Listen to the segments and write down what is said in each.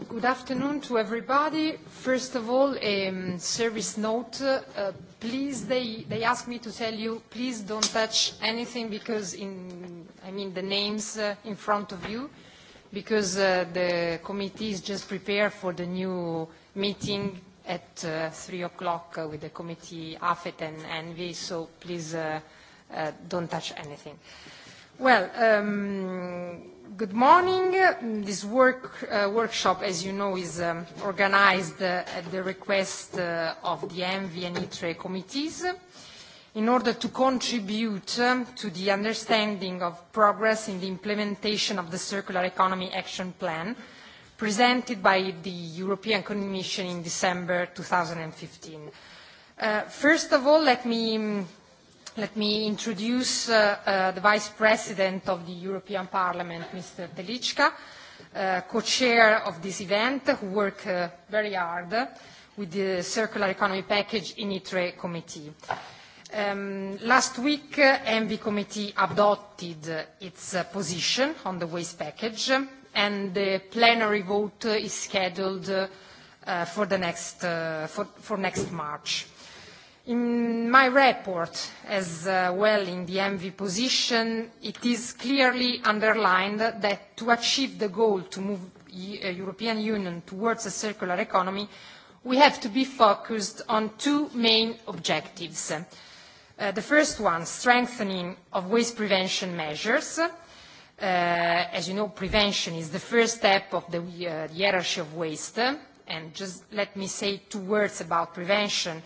good afternoon to everybody. First of all, a um, service note. Uh, please, they, they asked me to tell you, please don't touch anything because in, I mean, the names uh, in front of you, because uh, the committee is just prepared for the new meeting at uh, 3 o'clock with the committee AFET and ENVI, so please don't touch anything. Well, um, good morning. This work, uh, workshop, as you know, is um, organized uh, at the request uh, of the ENVI and ITRE committees in order to contribute um, to the understanding of progress in the implementation of the Circular Economy Action Plan presented by the European Commission in December 2015. Uh, first of all, let me um, Let me introduce uh, uh, the Vice President of the European Parliament, Mr. Telichka, uh, co-chair of this event, who worked uh, very hard with the Circular Economy Package in ITRE Committee. Um, last week, ENVI uh, Committee adopted its uh, position on the waste package, and the plenary vote is scheduled for, the next, for, for next March. In my report, as uh, well in the MV position, it is clearly underlined that to achieve the goal to move the uh, European Union towards a circular economy, we have to be focused on two main objectives. Uh, the first one, strengthening of waste prevention measures. as you know, prevention is the first step of the, the hierarchy of waste. And just let me say two words about prevention.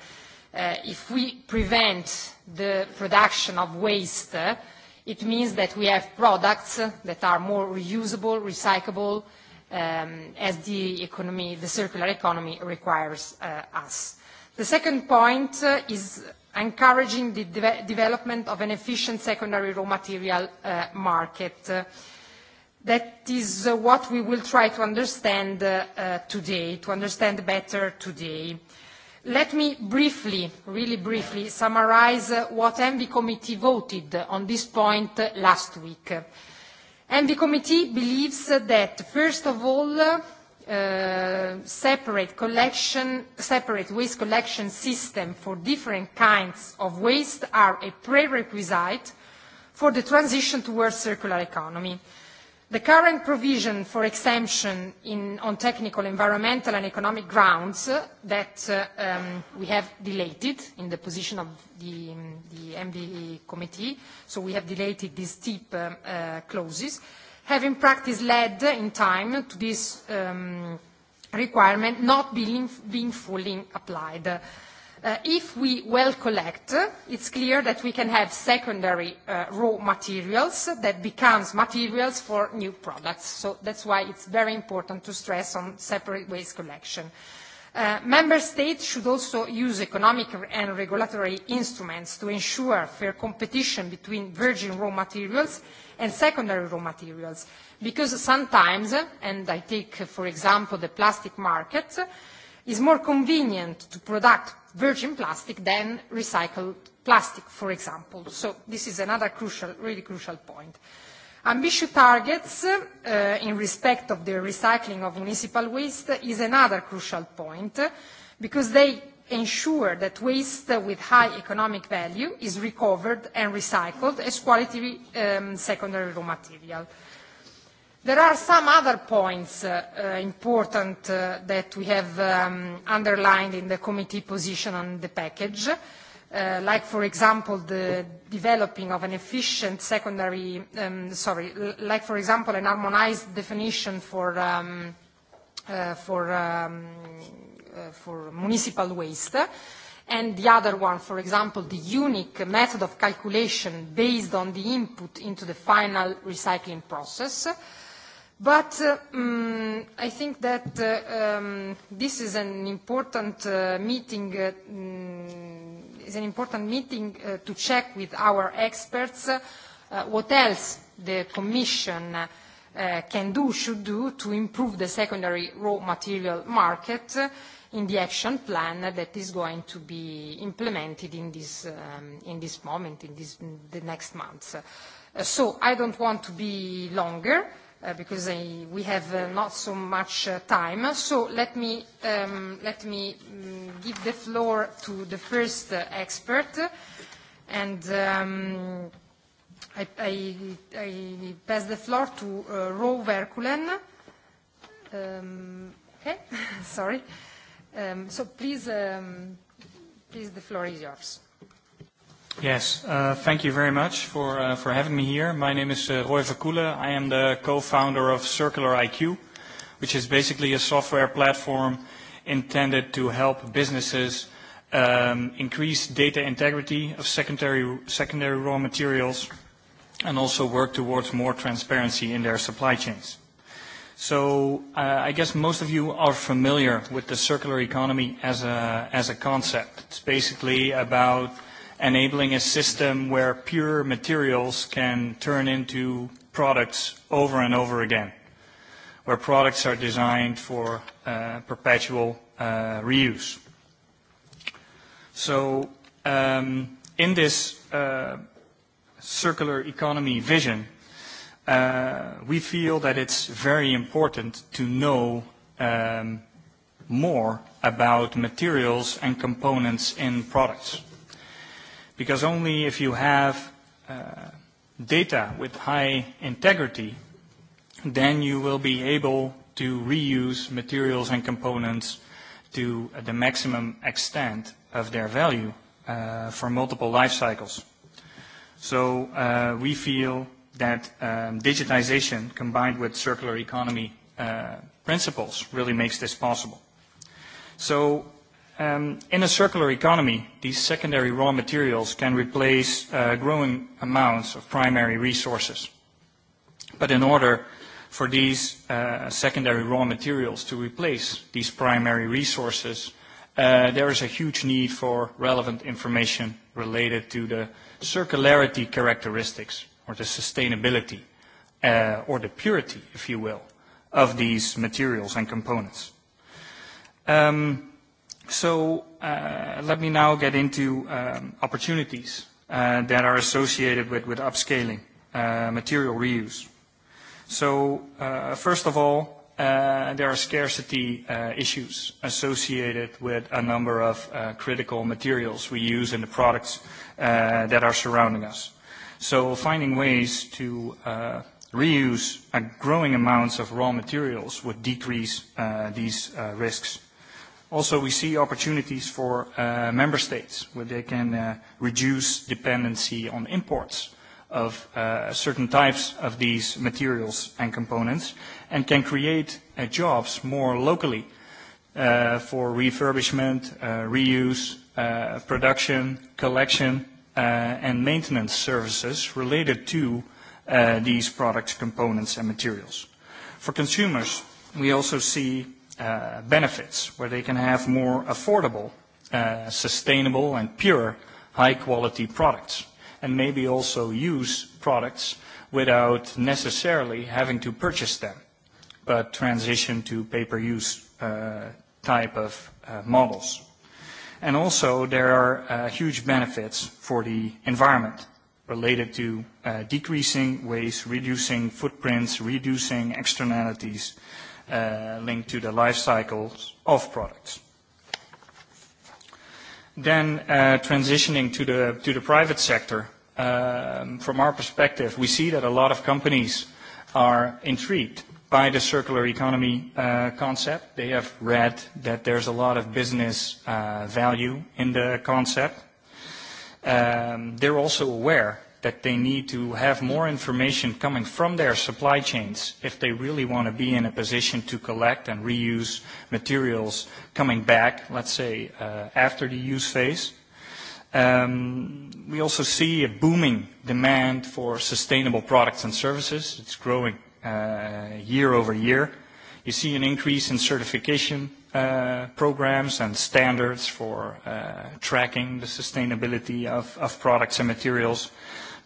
Uh, if we prevent the production of waste, it means that we have products that are more reusable, recyclable, um, as the, economy, the circular economy requires uh, us. The second point uh, is encouraging the de development of an efficient secondary raw material uh, market. That is what we will try to understand today, to understand better today. Let me briefly, really briefly, summarize uh, what ENVI Committee voted on this point uh, last week. ENVI Committee believes that, first of all, uh, separate, collection, separate waste collection system for different kinds of waste are a prerequisite for the transition towards circular economy. The current provision for exemption in, on technical, environmental and economic grounds uh, that uh, um, we have deleted in the position of the, um, the e committee, so we have deleted these steep um, uh, clauses, have in practice led in time to this requirement not being fully applied. Uh, if we well collect, it's clear that we can have secondary uh, raw materials that becomes materials for new products. So that's why it's very important to stress on separate waste collection. Uh, member states should also use economic and regulatory instruments to ensure fair competition between virgin raw materials and secondary raw materials because sometimes, and I take for example the plastic market, is more convenient to product virgin plastic than recycled plastic, for example. So this is another crucial, really crucial point. Ambitious targets uh, in respect of the recycling of municipal waste is another crucial point because they ensure that waste with high economic value is recovered and recycled as quality um, secondary raw material. There are some other points uh, important uh, that we have um, underlined in the committee position on the package, uh, like, for example, the developing of an efficient secondary, um, sorry, like, for example, an harmonized definition for, um, uh, for, um, uh, for municipal waste, and the other one, for example, the unique method of calculation based on the input into the final recycling process, But uh, mm, I think that uh, um, this is an important uh, meeting mm, is an important meeting to check with our experts what else the Commission can do, should do to improve the secondary raw material market in the action plan that is going to be implemented in this, um, in this moment, in, this, the next months. So I don't want to be longer. Uh, because I, we have uh, not so much uh, time. So let me, um, let me mm, give the floor to the first uh, expert. And um, I, I, I pass the floor to uh, Ro Verkulen. Um, okay, sorry. Um, so please, um, please, the floor is yours. Yes, uh, thank you very much for, uh, for having me here. My name is uh, Roy Verkoelen. I am the co-founder of Circular IQ, which is basically a software platform intended to help businesses um, increase data integrity of secondary, secondary raw materials and also work towards more transparency in their supply chains. So uh, I guess most of you are familiar with the circular economy as a, as a concept. It's basically about – enabling a system where pure materials can turn into products over and over again, where products are designed for uh, perpetual uh, reuse. So um, in this uh, circular economy vision, we feel that it's very important to know um, more about materials and components in products because only if you have uh, data with high integrity, then you will be able to reuse materials and components to uh, the maximum extent of their value uh, for multiple life cycles. So uh, we feel that um, digitization combined with circular economy uh, principles really makes this possible. So Um, in a circular economy, these secondary raw materials can replace uh, growing amounts of primary resources. But in order for these uh, secondary raw materials to replace these primary resources, uh, there is a huge need for relevant information related to the circularity characteristics or the sustainability or the purity, if you will, of these materials and components. Um, So uh, let me now get into um, opportunities uh, that are associated with, upscaling uh, material reuse. So first of all, there are scarcity issues associated with a number of critical materials we use in the products that are surrounding us. So finding ways to reuse growing amounts of raw materials would decrease these risks. Also, we see opportunities for uh, member states where they can uh, reduce dependency on imports of uh, certain types of these materials and components and can create uh, jobs more locally uh, for refurbishment, uh, reuse, production, collection, and maintenance services related to these products, components, and materials. For consumers, we also see Uh, benefits, where they can have more affordable, uh, sustainable and pure high quality products, and maybe also use products without necessarily having to purchase them, but transition to pay-per-use uh, type of models. And also there are huge benefits for the environment related to decreasing waste, reducing footprints, reducing externalities, uh, linked to the life cycles of products. Then uh, transitioning to the, private sector, um, from our perspective, we see that a lot of companies are intrigued by the circular economy uh, concept. They have read that there's a lot of business uh, value in the concept. Um, they're also aware that they need to have more information coming from their supply chains if they really want to be in a position to collect and reuse materials coming back, let's say, uh, after the use phase. Um, we also see a booming demand for sustainable products and services. It's growing uh, year over year. You see an increase in certification uh, programs and standards for uh, tracking the sustainability of, of products and materials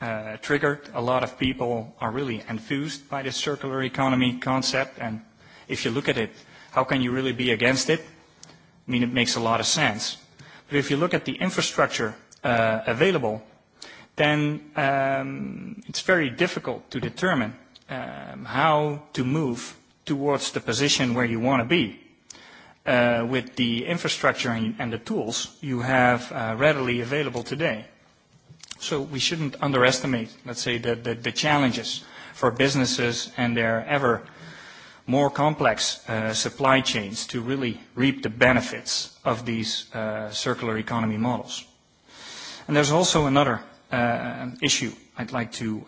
uh, triggered. A lot of people are really enthused by this circular economy concept, and if you look at it, how can you really be against it? I mean, it makes a lot of sense. But if you look at the infrastructure uh, available, then um, it's very difficult to determine um, how to move towards the position where you want to be. Uh, with the infrastructure and, and the tools you have uh, readily available today. So we shouldn't underestimate, let's say, the, the, challenges for businesses and their ever more complex uh, supply chains to really reap the benefits of these uh, circular economy models. And there's also another uh, issue I'd like to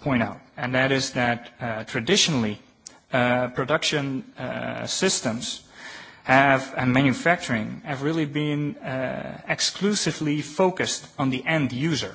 point out, and that is that traditionally production systems have and manufacturing have really been exclusively focused on the end user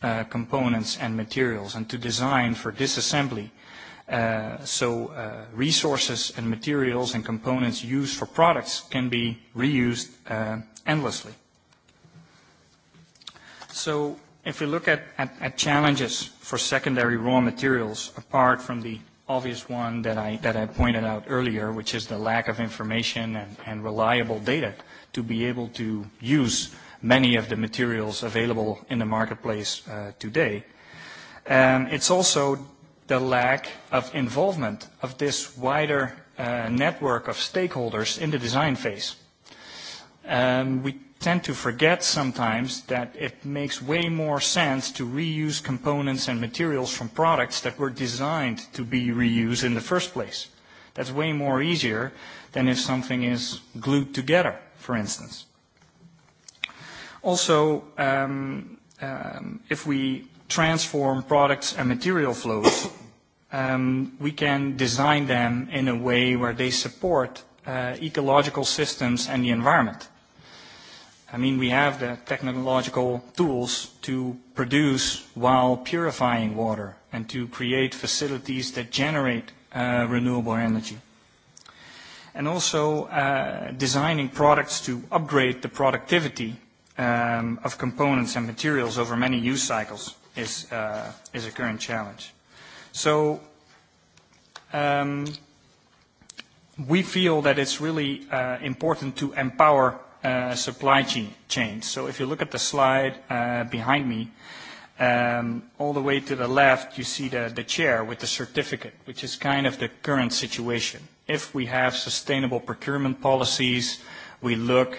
Uh, components and materials and to design for disassembly. Uh, so uh, resources and materials and components used for products can be reused uh, endlessly. So if we look at, at, at challenges for secondary raw materials, apart from the obvious one that I, that I pointed out earlier, which is the lack of information and, and reliable data to be able to use uh, many of the materials available in the marketplace uh, today. Um, it's also the lack of involvement of this wider uh, network of stakeholders in the design phase. Um, we tend to forget sometimes that it makes way more sense to reuse components and materials from products that were designed to be reused in the first place. That's way more easier than if something is glued together, for instance. Also, um, um, if we transform products and material flows, um, we can design them in a way where they support uh, ecological systems and the environment. I mean, we have the technological tools to produce while purifying water and to create facilities that generate uh, renewable energy. And also uh, designing products to upgrade the productivity Um, of components and materials over many use cycles is, uh, is a current challenge. So um, we feel that it's really uh, important to empower uh, supply chains. So if you look at the slide uh, behind me, um, all the way to the left, you see the, the chair with the certificate, which is kind of the current situation. If we have sustainable procurement policies, we look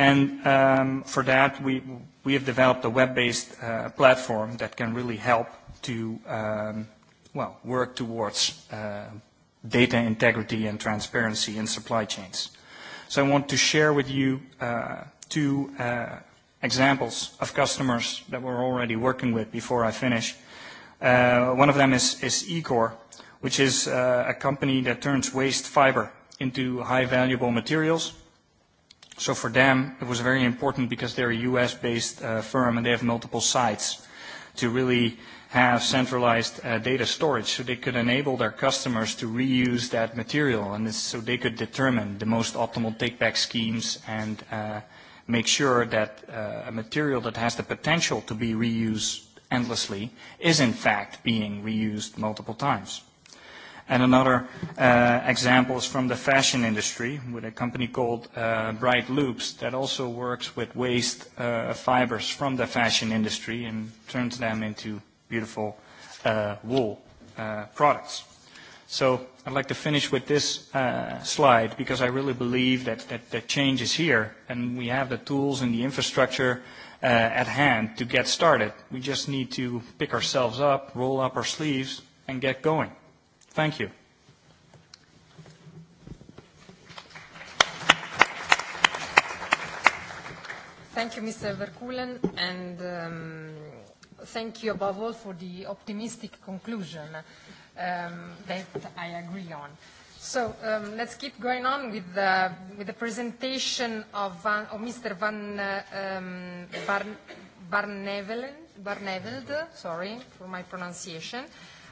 And um, for that, we, we have developed a web-based uh, platform that can really help to, um, well, work towards uh, data integrity and transparency in supply chains. So I want to share with you uh, two examples of customers that we're already working with before I finish. one of them is, is Ecor, which is a company that turns waste fiber into high valuable materials So for them, it was very important because they are a U.S.-based uh, firm and they have multiple sites to really have centralized uh, data storage so they could enable their customers to reuse that material and so they could determine the most optimal take-back schemes and uh, make sure that a material that has the potential to be reused endlessly is in fact being reused multiple times. And another uh, example is from the fashion industry with a company called uh, Bright Loops that also works with waste uh, fibers from the fashion industry and turns them into beautiful uh, wool uh, products. So I'd like to finish with this uh, slide because I really believe that, that, that change is here and we have the tools and the infrastructure uh, at hand to get started. We just need to pick ourselves up, roll up our sleeves, and get going. Thank you. Thank you, Mr. Verkulen, and um, thank you above all for the optimistic conclusion um, that I agree on. So um, let's keep going on with the, with the presentation of, uh, Mr. Van uh, um, Barneveld, sorry for my pronunciation,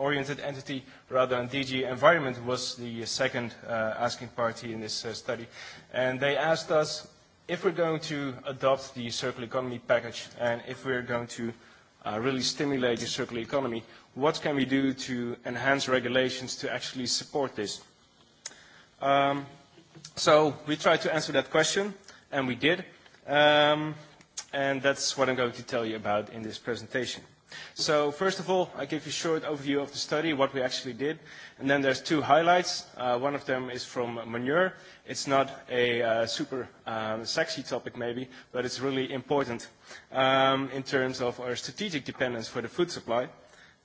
oriented entity rather than DG Environment was the second uh, asking party in this uh, study. And they asked us if we're going to adopt the circular economy package and if we're going to uh, really stimulate the circular economy, what can we do to enhance regulations to actually support this? Um, so we tried to answer that question, and we did. Um, and that's what I'm going to tell you about in this presentation. So first of all, I give you a short overview of the study, what we actually did, and then there's two highlights. Uh, one of them is from manure. It's not a uh, super um, sexy topic maybe, but it's really important um, in terms of our strategic dependence for the food supply.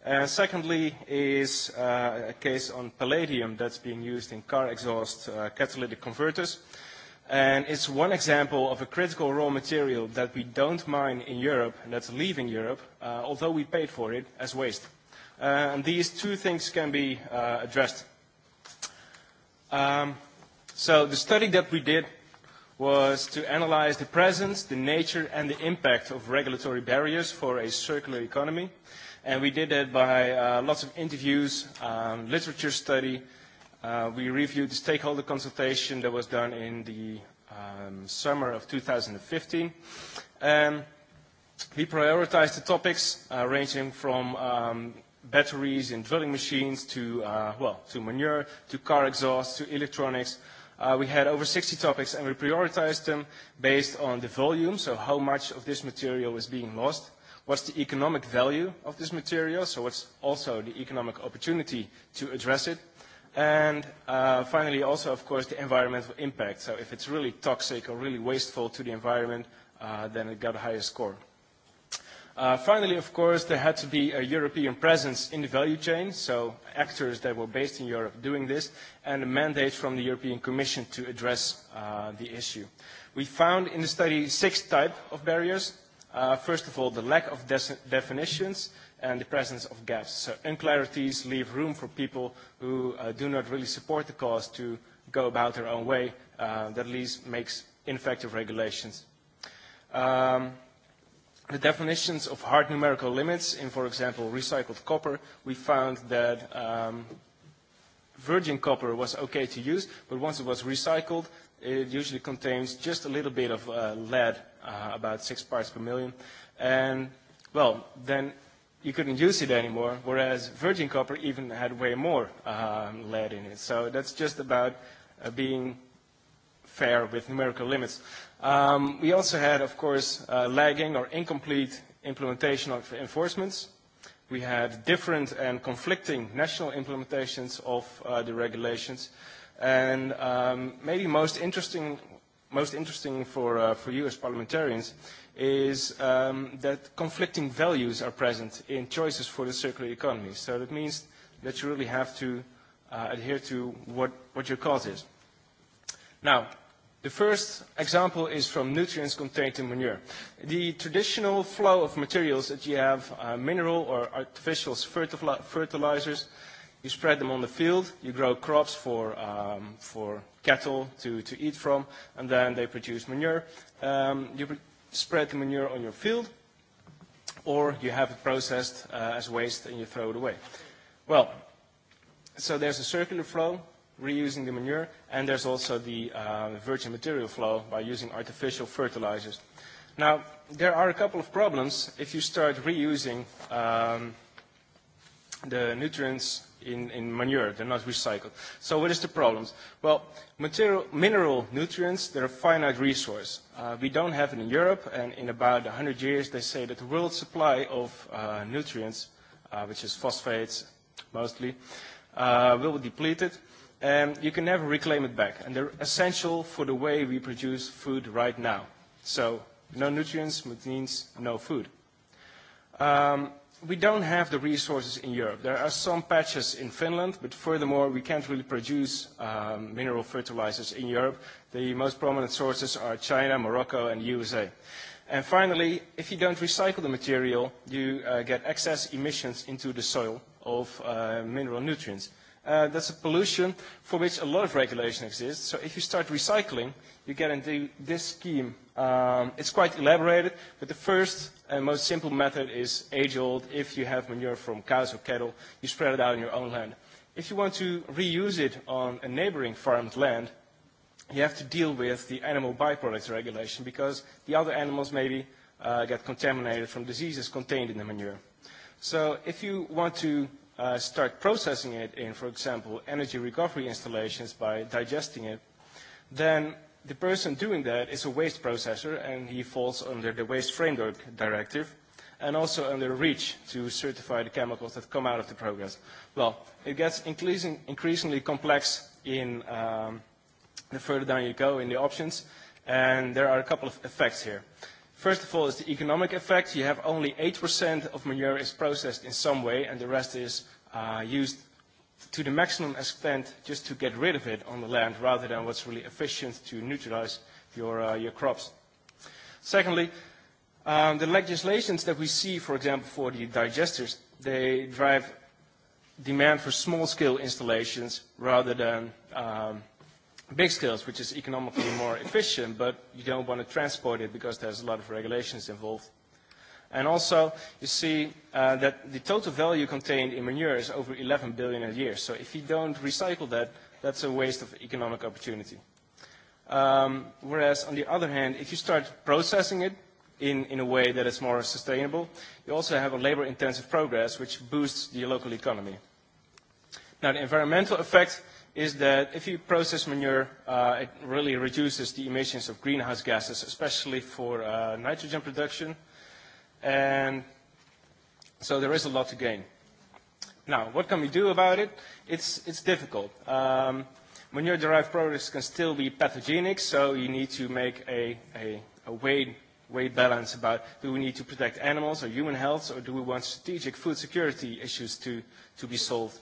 Uh, secondly is a case on palladium that's being used in car exhaust catalytic converters and it's one example of a critical raw material that we don't mine in Europe and that's leaving Europe, uh, although we paid for it as waste. Uh, and these two things can be uh, addressed. Um, so the study that we did was to analyze the presence, the nature, and the impact of regulatory barriers for a circular economy. And we did that by uh, lots of interviews, um, literature study, Uh, we reviewed the stakeholder consultation that was done in the um, summer of 2015. Um, we prioritized the topics uh, ranging from um, batteries in drilling machines to, uh, well, to manure, to car exhaust, to electronics. we had over 60 topics and we prioritized them based on the volume, so how much of this material is being lost, what's the economic value of this material, so what's also the economic opportunity to address it, And uh, finally, also, of course, the environmental impact. So if it's really toxic or really wasteful to the environment, uh, then it got a higher score. Uh, finally, of course, there had to be a European presence in the value chain, so actors that were based in Europe doing this, and a mandate from the European Commission to address uh, the issue. We found in the study six types of barriers. Uh, first of all, the lack of definitions. definitions, and the presence of gaps. So unclarities leave room for people who uh, do not really support the cause to go about their own way. Uh, that at least makes ineffective regulations. Um, the definitions of hard numerical limits in, for example, recycled copper, we found that um, virgin copper was okay to use, but once it was recycled, it usually contains just a little bit of uh, lead, uh, about six parts per million. And, well, then you couldn't use it anymore, whereas virgin copper even had way more um, lead in it. So that's just about uh, being fair with numerical limits. Um, we also had, of course, uh, lagging or incomplete implementation of enforcements. We had different and conflicting national implementations of uh, the regulations. And um, maybe most interesting, most interesting for, uh, for you as parliamentarians is um, that conflicting values are present in choices for the circular economy. So that means that you really have to uh, adhere to what, what your cause is. Now, the first example is from nutrients contained in manure. The traditional flow of materials that you have uh, mineral or artificial fertilizers, you spread them on the field, you grow crops for, um, for cattle to, to eat from, and then they produce manure. Um, you spread the manure on your field, or you have it processed uh, as waste and you throw it away. Well, so there's a circular flow, reusing the manure, and there's also the uh, virgin material flow by using artificial fertilizers. Now, there are a couple of problems if you start reusing um, the nutrients in, in manure. They're not recycled. So what is the problem? Well, material, mineral nutrients, they're a finite resource. Uh, we don't have it in Europe, and in about 100 years, they say that the world supply of uh, nutrients, uh, which is phosphates mostly, uh, will be depleted, and you can never reclaim it back. And they're essential for the way we produce food right now. So no nutrients means no food. Um, we don't have the resources in Europe. There are some patches in Finland, but furthermore, we can't really produce um, mineral fertilizers in Europe. The most prominent sources are China, Morocco, and USA. And finally, if you don't recycle the material, you uh, get excess emissions into the soil of uh, mineral nutrients. Uh, that's a pollution for which a lot of regulation exists. So if you start recycling, you get into this scheme. Um, it's quite elaborated, but the first and most simple method is age old. If you have manure from cows or cattle, you spread it out on your own land. If you want to reuse it on a neighboring farmed land, you have to deal with the animal byproducts regulation because the other animals maybe uh, get contaminated from diseases contained in the manure. So if you want to uh, start processing it in, for example, energy recovery installations by digesting it, then the person doing that is a waste processor, and he falls under the Waste Framework Directive, and also under REACH to certify the chemicals that come out of the progress. Well, it gets increasing, increasingly complex in um, the further down you go in the options, and there are a couple of effects here. First of all is the economic effect. You have only 8% of manure is processed in some way, and the rest is uh, used to the maximum extent just to get rid of it on the land rather than what's really efficient to neutralize your, uh, your crops. Secondly, um, the legislations that we see, for example, for the digesters, they drive demand for small-scale installations rather than um, big scales, which is economically more efficient, but you don't want to transport it because there's a lot of regulations involved. And also, you see uh, that the total value contained in manure is over 11 billion a year. So if you don't recycle that, that's a waste of economic opportunity. Um, whereas, on the other hand, if you start processing it in, in a way that is more sustainable, you also have a labor-intensive progress, which boosts the local economy. Now, the environmental effect is that if you process manure, uh, it really reduces the emissions of greenhouse gases, especially for uh, nitrogen production – And so there is a lot to gain. Now, what can we do about it? It's, it's difficult. Um, manure-derived products can still be pathogenic, so you need to make a, a, a weight, weight balance about do we need to protect animals or human health, or do we want strategic food security issues to, to be solved?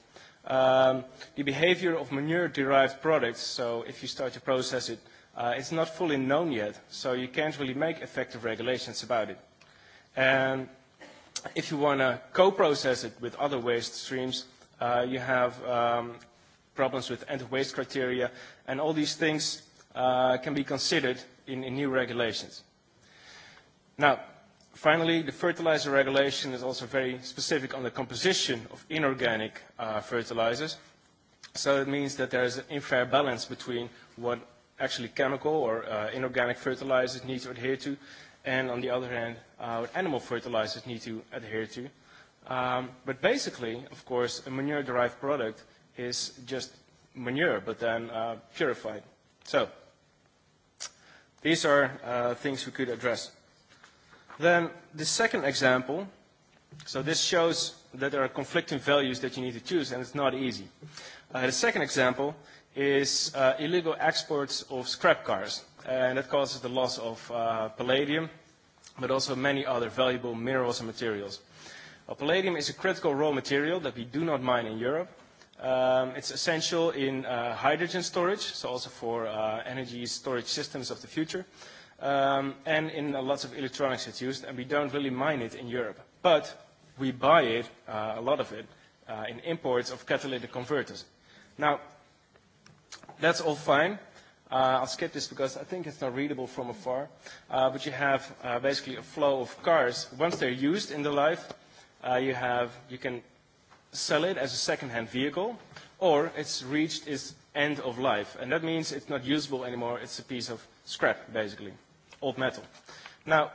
Um, the behavior of manure-derived products, so if you start to process it, uh, it's not fully known yet, so you can't really make effective regulations about it. And if you want to co-process it with other waste streams, uh, you have um, problems with end-waste criteria, and all these things uh, can be considered in, in new regulations. Now, finally, the fertilizer regulation is also very specific on the composition of inorganic uh, fertilizers. So it means that there is an unfair balance between what actually chemical or uh, inorganic fertilizers need to adhere to and on the other hand, uh, what animal fertilizers need to adhere to. Um, but basically, of course, a manure-derived product is just manure, but then uh, purified. So these are uh, things we could address. Then the second example, so this shows that there are conflicting values that you need to choose, and it's not easy. Uh, the second example is uh, illegal exports of scrap cars and that causes the loss of uh, palladium, but also many other valuable minerals and materials. Well, palladium is a critical raw material that we do not mine in Europe. Um, it's essential in uh, hydrogen storage, so also for uh, energy storage systems of the future, um, and in uh, lots of electronics it's used, and we don't really mine it in Europe. But we buy it, uh, a lot of it, uh, in imports of catalytic converters. Now, that's all fine, Uh, I'll skip this because I think it's not readable from afar. Uh, but you have uh, basically a flow of cars. Once they're used in the life, uh, you, have, you can sell it as a second-hand vehicle, or it's reached its end of life. And that means it's not usable anymore. It's a piece of scrap, basically, old metal. Now,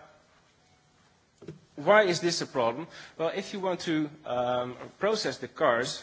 why is this a problem? Well, if you want to um, process the cars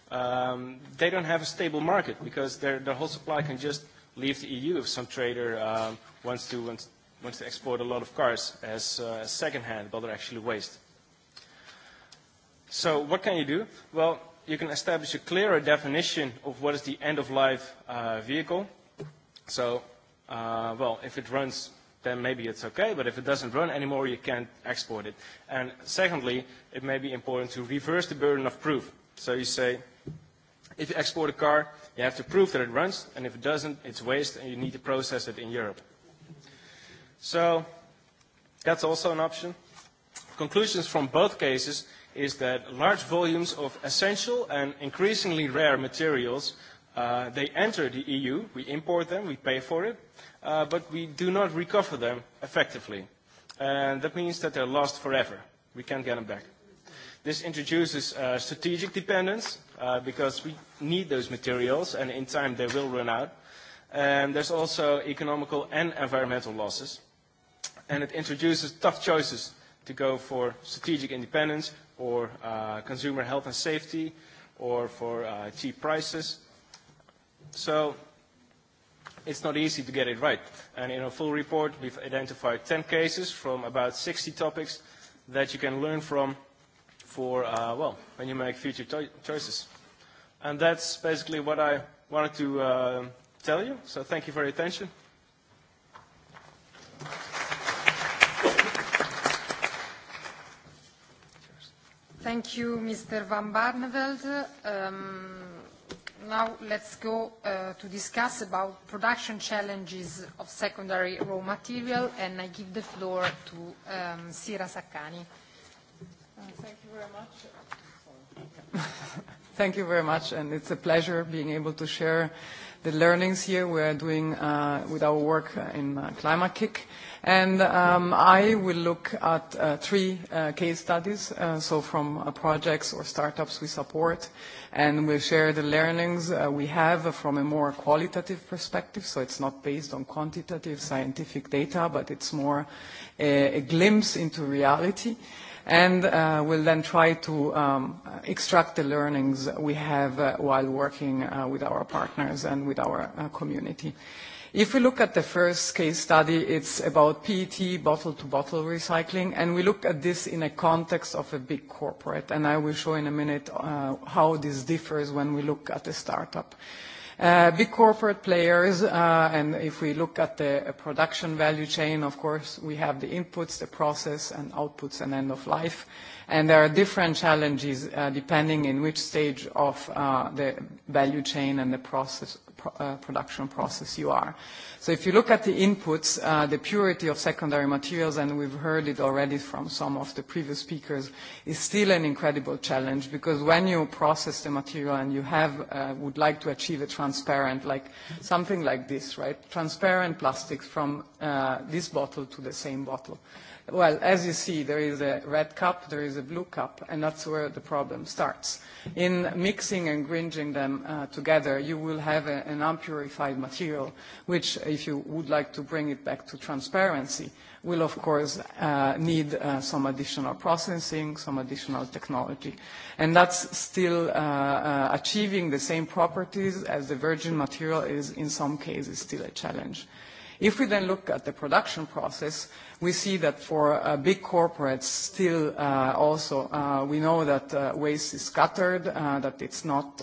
um, they don't have a stable market because their, their whole supply can just leave the EU if some trader um, wants, to, wants, wants to export a lot of cars as uh, second-hand, but they're actually waste. So what can you do? Well, you can establish a clearer definition of what is the end-of-life uh, vehicle. So, uh, well, if it runs then maybe it's okay, but if it doesn't run anymore, you can't export it. And secondly, it may be important to reverse the burden of proof. So you say, If you export a car, you have to prove that it runs, and if it doesn't, it's waste, and you need to process it in Europe. So that's also an option. Conclusions from both cases is that large volumes of essential and increasingly rare materials, uh, they enter the EU, we import them, we pay for it, uh, but we do not recover them effectively. And that means that they're lost forever. We can't get them back. This introduces uh, strategic dependence, Uh, because we need those materials and in time they will run out. And there's also economical and environmental losses. And it introduces tough choices to go for strategic independence or uh, consumer health and safety or for uh, cheap prices. So it's not easy to get it right. And in our full report, we've identified 10 cases from about 60 topics that you can learn from for, uh, well, when you make future choices. And that's basically what I wanted to uh, tell you. So thank you for your attention. Thank you, Mr. Van Barneveld. Um, now let's go uh, to discuss about production challenges of secondary raw material, and I give the floor to um, Sira Saccani. Thank you very much. Thank you very much, and it's a pleasure being able to share the learnings here we are doing uh, with our work in uh, Climate Kick. And um, I will look at uh, three uh, case studies, uh, so from uh, projects or startups we support, and we'll share the learnings uh, we have from a more qualitative perspective, so it's not based on quantitative scientific data, but it's more a, a glimpse into reality and uh, we'll then try to um, extract the learnings we have uh, while working uh, with our partners and with our uh, community. If we look at the first case study, it's about PET bottle-to-bottle recycling, and we look at this in a context of a big corporate, and I will show in a minute uh, how this differs when we look at a startup. Uh, big corporate players, uh, and if we look at the uh, production value chain, of course, we have the inputs, the process, and outputs, and end of life and there are different challenges uh, depending in which stage of uh, the value chain and the process, uh, production process you are. So if you look at the inputs, the purity of secondary materials, and we've heard it already from some of the previous speakers, is still an incredible challenge because when you process the material and you have, would like to achieve a transparent, like something like this, right? Transparent plastics from this bottle to the same bottle. Well, as you see, there is a red cup, there is a the blue cup, and that's where the problem starts. In mixing and grinding them uh, together, you will have an unpurified material, which, if you would like to bring it back to transparency, will of course uh, need uh, some additional processing, some additional technology. And that's still achieving the same properties as the virgin material is in some cases still a challenge. If we then look at the production process, we see that for uh, big corporates still uh, also uh, we know that waste is scattered, that it's not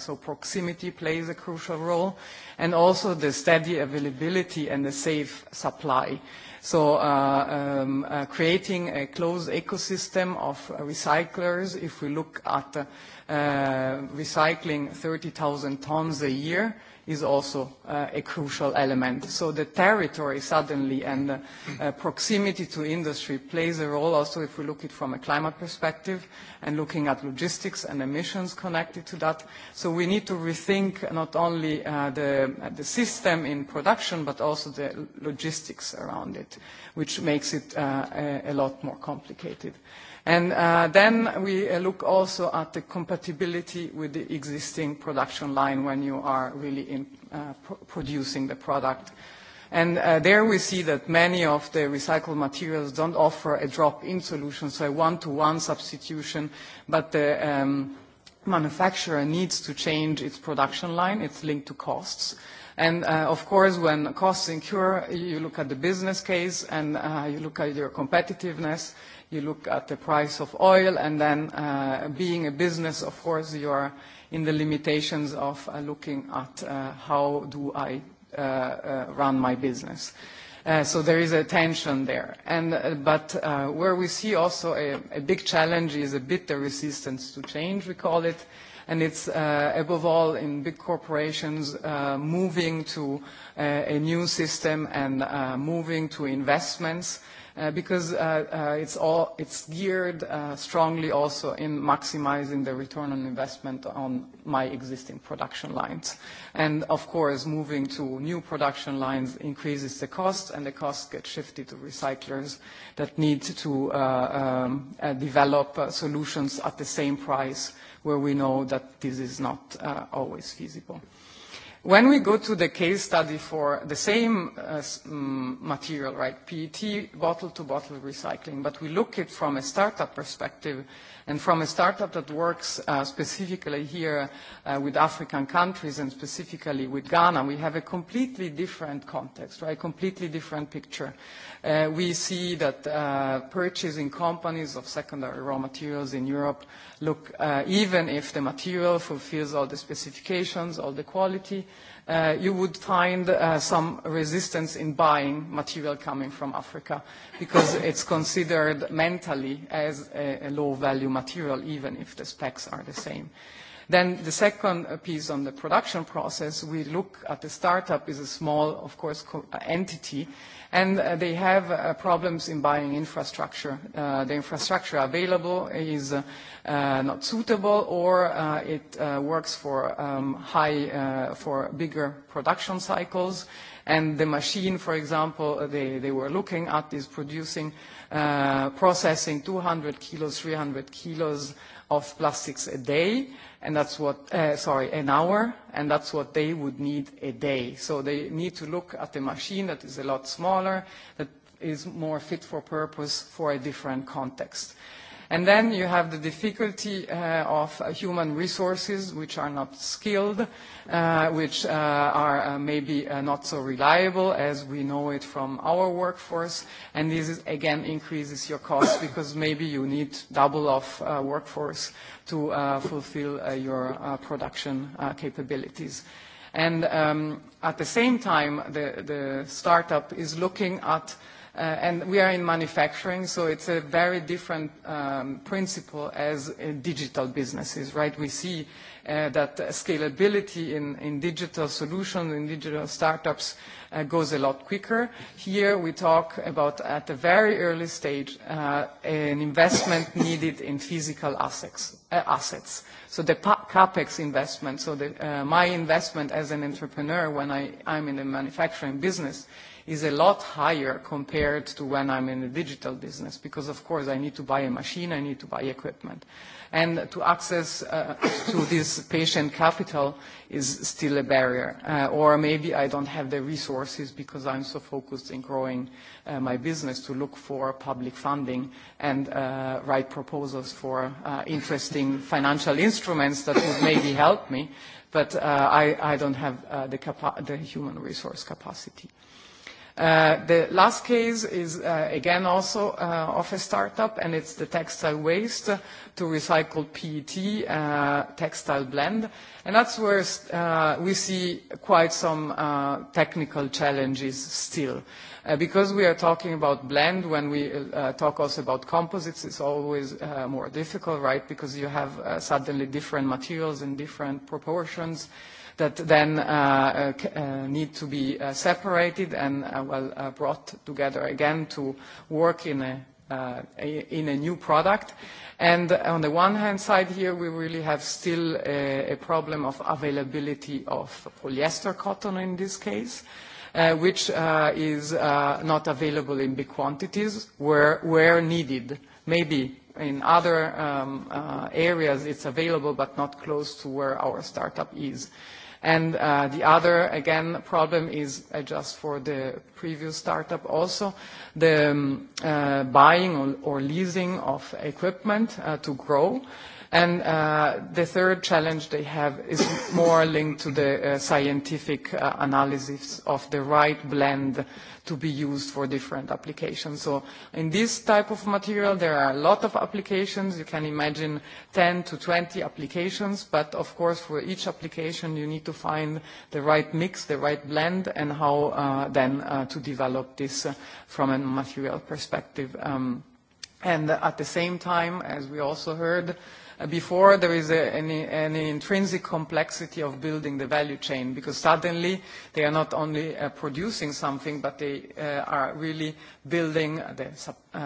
so proximity plays a crucial role, and also the steady availability and the safe supply. So um, creating a closed ecosystem of recyclers, if we look at recycling 30,000 tons a year, is also uh, a crucial element. So the territory suddenly and uh, uh, proximity to industry plays a role also if we look it from a climate perspective and looking at logistics and emissions connected to that. So we need to rethink not only uh, the, the system in production but also the logistics around it, which makes it uh, a, a lot more complicated. And uh, then we uh, look also at the compatibility with the existing production line when you are really in, uh, producing the product. And uh, there we see that many of the recycled materials don't offer a drop-in solution, so a one-to-one substitution, but the um, manufacturer needs to change its production line. It's linked to costs. And of course, when costs incur, you look at the business case and uh, you look at your competitiveness you look at the price of oil and then uh, being a business, of course, you are in the limitations of uh, looking at uh, how do I uh, uh, run my business. Uh, so there is a tension there. And, but where we see also a, a big challenge is a bit the resistance to change, we call it, and it's uh, above all in big corporations uh, moving to uh, a new system and moving to investments Uh, because uh, uh, it's all it's geared strongly also in maximizing the return on investment on my existing production lines. And of course, moving to new production lines increases the cost, and the costs get shifted to recyclers that need to um, develop solutions at the same price where we know that this is not always feasible. When we go to the case study for the same uh, mm, material, right, PET, bottle-to-bottle recycling, but we look at it from a startup perspective and from a startup that works uh, specifically here uh, with African countries and specifically with Ghana, we have a completely different context, right, completely different picture. Uh, we see that uh, purchasing companies of secondary raw materials in Europe look, uh, even if the material fulfills all the specifications, all the quality, uh, you would find uh, some resistance in buying material coming from Africa because it's considered mentally as a, a low-value material, even if the specs are the same. Then the second piece on the production process, we look at the startup is a small, of course, uh, entity, and uh, they have uh, problems in buying infrastructure. the infrastructure available is not suitable or it works for um, high, for bigger production cycles. And the machine, for example, they, they were looking at is producing, processing 200 kilos, 300 kilos of plastics a day and that's what uh, sorry an hour and that's what they would need a day so they need to look at a machine that is a lot smaller that is more fit for purpose for a different context And then you have the difficulty uh, of uh, human resources, which are not skilled, uh, which are maybe not so reliable as we know it from our workforce. And this, again, increases your cost because maybe you need double of workforce to fulfill your production capabilities. And um, at the same time, the, the startup is looking at Uh, and we are in manufacturing, so it's a very different um, principle as digital businesses, right? We see uh, that scalability in, in digital solutions, in digital startups, uh, goes a lot quicker. Here we talk about, at a very early stage, an investment needed in physical assets. So the pa-, CapEx investment, so the, my investment as an entrepreneur when I, I'm in a manufacturing business is a lot higher compared to when I'm in a digital business because, of course, I need to buy a machine, I need to buy equipment. And to access uh, to this patient capital is still a barrier. Uh, or maybe I don't have the resources because I'm so focused in growing uh, my business to look for public funding and uh, write proposals for uh, interesting financial instruments that would maybe help me, but uh, I, I don't have the, the human resource capacity. Uh, the last case is uh, again also uh, of a startup, and it's the textile waste to recycle PET textile blend. And that's where we see quite some technical challenges still. Because we are talking about blend, when we talk also about composites, it's always more difficult, right? Because you have suddenly different materials in different proportions that then uh, uh, uh, need to be uh, separated and uh, well uh, brought together again to work in a in a new product. And on the one hand side here, we really have still a, a problem of availability of polyester cotton in this case. which uh, is uh, not available in big quantities where, where needed. Maybe in other um, areas it's available, but not close to where our startup is. And uh, the other, again, problem is uh, just for the previous startup also, the um, uh, buying or, or leasing of equipment uh, to grow. And uh, the third challenge they have is more linked to the uh, scientific uh, analysis of the right blend to be used for different applications. So in this type of material, there are a lot of applications. You can imagine 10 to 20 applications, but of course for each application you need to find the right mix, the right blend, and how then to develop this from a material perspective. Um, and at the same time, as we also heard, before there is a, any, any intrinsic complexity of building the value chain because suddenly they are not only uh, producing something but they uh, are really building the uh,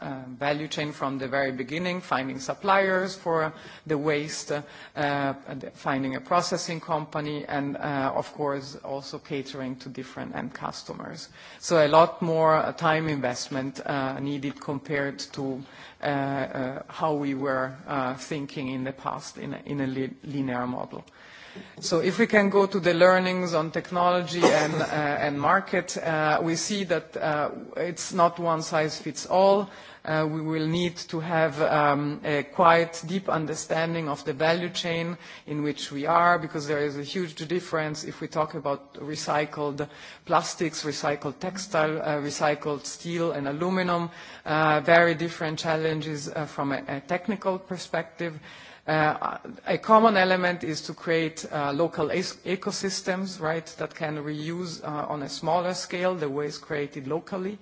uh, value chain from the very beginning, finding suppliers for the waste, uh, finding a processing company and uh, of course also catering to different end customers. So a lot more time investment needed compared to Uh, uh, how we were uh, thinking in the past in a, in a linear model. So if we can go to the learnings on technology and, uh, and market, uh, we see that uh, it's not one size fits all. Uh, we will need to have um, a quite deep understanding of the value chain in which we are because there is a huge difference if we talk about recycled plastics, recycled textile, uh, recycled steel and aluminum, uh, very different challenges from a, technical perspective. a common element is to create local e-, ecosystems, right, that can reuse on a smaller scale the waste created locally.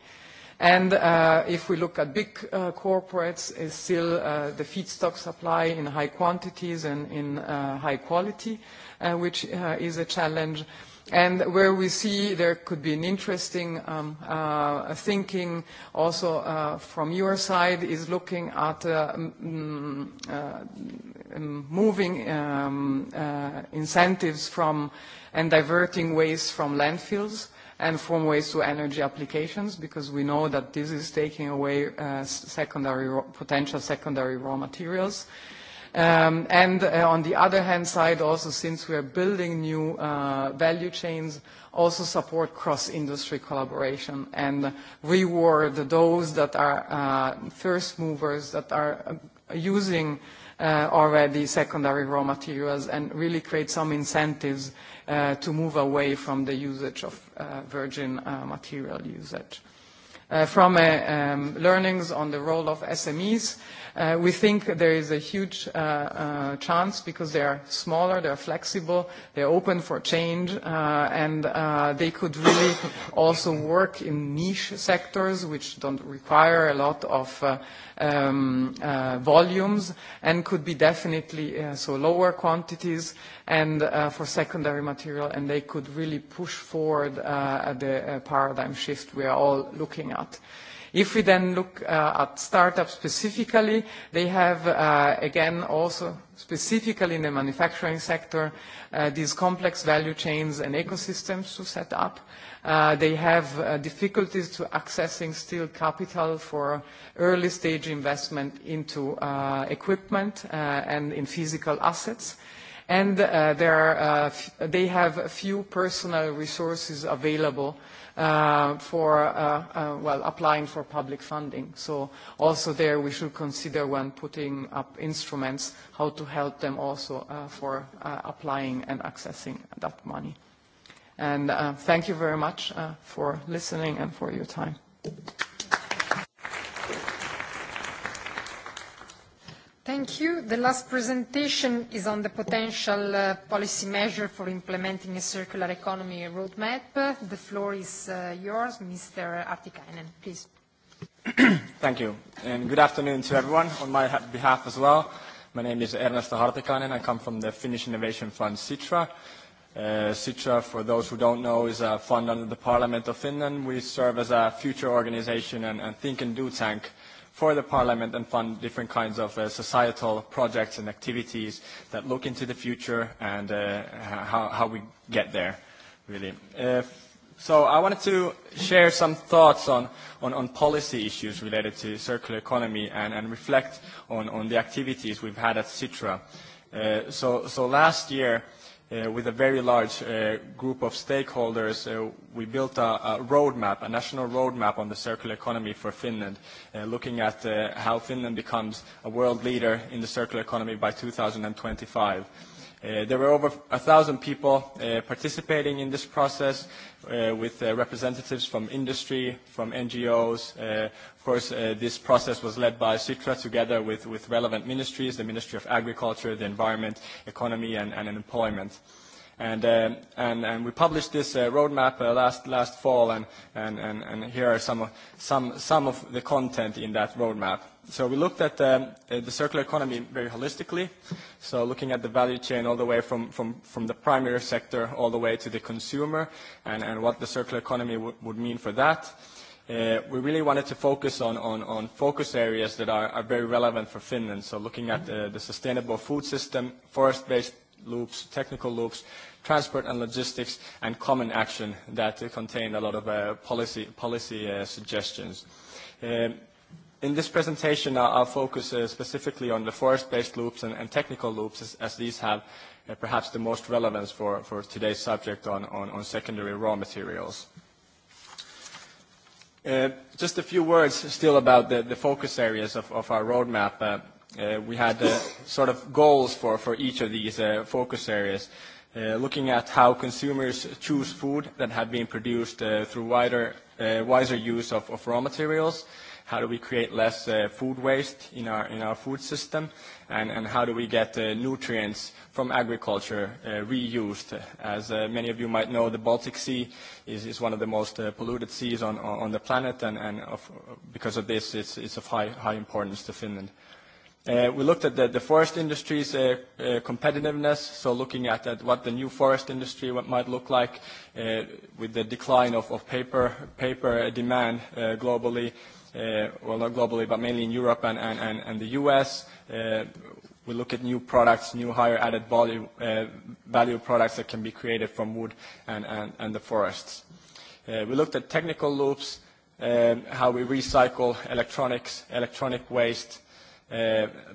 And uh, if we look at big uh, corporates, it's still uh, the feedstock supply in high quantities and in high quality, which is a challenge. And where we see there could be an interesting um, thinking also from your side is looking at mm, moving um, incentives from and diverting waste from landfills and from waste to energy applications because we know that this is taking away uh, secondary potential secondary raw materials. Um, and uh, on the other hand side, also since we are building new uh, value chains, also support cross-industry collaboration and reward those that are uh, first movers that are uh, using Uh, already secondary raw materials and really create some incentives uh, to move away from the usage of uh, virgin material usage. From um, learnings on the role of SMEs, Uh, we think there is a huge uh, uh, chance because they are smaller, they are flexible, they are open for change, and they could really also work in niche sectors which don't require a lot of um, volumes and could be definitely so lower quantities and for secondary material, and they could really push forward the paradigm shift we are all looking at. If we then look uh, at startups specifically, they have, uh, again, also specifically in the manufacturing sector, uh, these complex value chains and ecosystems to set up. Uh, they have difficulties to accessing still capital for early stage investment into equipment and in physical assets and there are, uh, they have few personal resources available uh, for uh, uh, well applying for public funding. So also there we should consider when putting up instruments how to help them also uh, for uh, applying and accessing that money. And thank you very much for listening and for your time. Thank you. The last presentation is on the potential uh, policy measure for implementing a circular economy roadmap. The floor is uh, yours, Mr. Artikainen, please. Thank you, and good afternoon to everyone on my behalf as well. My name is Ernesto Hartikainen. I come from the Finnish Innovation Fund, Citra. Uh, Sitra, for those who don't know, is a fund under the Parliament of Finland. We serve as a future organization and, and think and do tank for the Parliament and fund different kinds of uh, societal projects and activities that look into the future and uh, how, how we get there, really. Uh, so I wanted to share some thoughts on, on, on policy issues related to circular economy and, and reflect on, on the activities we've had at Citra. Uh, so, so last year, Uh, with a very large uh, group of stakeholders, uh, we built a, roadmap, a national roadmap on the circular economy for Finland, looking at how Finland becomes a world leader in the circular economy by 2025. Uh, there were over a thousand people uh, participating in this process uh, with uh, representatives from industry, from NGOs. Uh, of course, uh, this process was led by CITRA together with, with relevant ministries, the Ministry of Agriculture, the Environment, Economy and, and Employment. And, uh, and, and we published this uh, roadmap uh, last, last fall, and, and, and, and here are some of, some, some of the content in that roadmap so we looked at um, uh, the circular economy very holistically, so looking at the value chain all the way from, from, from the primary sector all the way to the consumer and, and what the circular economy would mean for that. Uh, we really wanted to focus on, on, on focus areas that are, are very relevant for Finland, so looking at uh, the sustainable food system, forest-based loops, technical loops, transport and logistics, and common action that contain a lot of uh, policy, policy uh, suggestions. Um, In this presentation, I'll, focus uh, specifically on the forest-based loops and, and technical loops, as, as these have uh, perhaps the most relevance for, for today's subject on, on, on secondary raw materials. Uh, just a few words still about the, the focus areas of, of our roadmap. Uh, uh, we had uh, sort of goals for, for each of these uh, focus areas, uh, looking at how consumers choose food that have been produced uh, through wider, uh, wiser use of, of raw materials, how do we create less uh, food waste in our, in our food system, and, and how do we get uh, nutrients from agriculture uh, reused. As uh, many of you might know, the Baltic Sea is, is one of the most uh, polluted seas on, on the planet, and, and of, because of this, it's, it's of high, high importance to Finland. Uh, we looked at the, the forest industry's uh, uh, competitiveness, so looking at, at what the new forest industry might look like uh, with the decline of, of paper, paper demand uh, globally, uh, well, not globally, but mainly in Europe and, and, and, and the US. Uh, we look at new products, new higher added value, uh, value products that can be created from wood and, and, and the forests. Uh, we looked at technical loops, um, how we recycle electronics, electronic waste,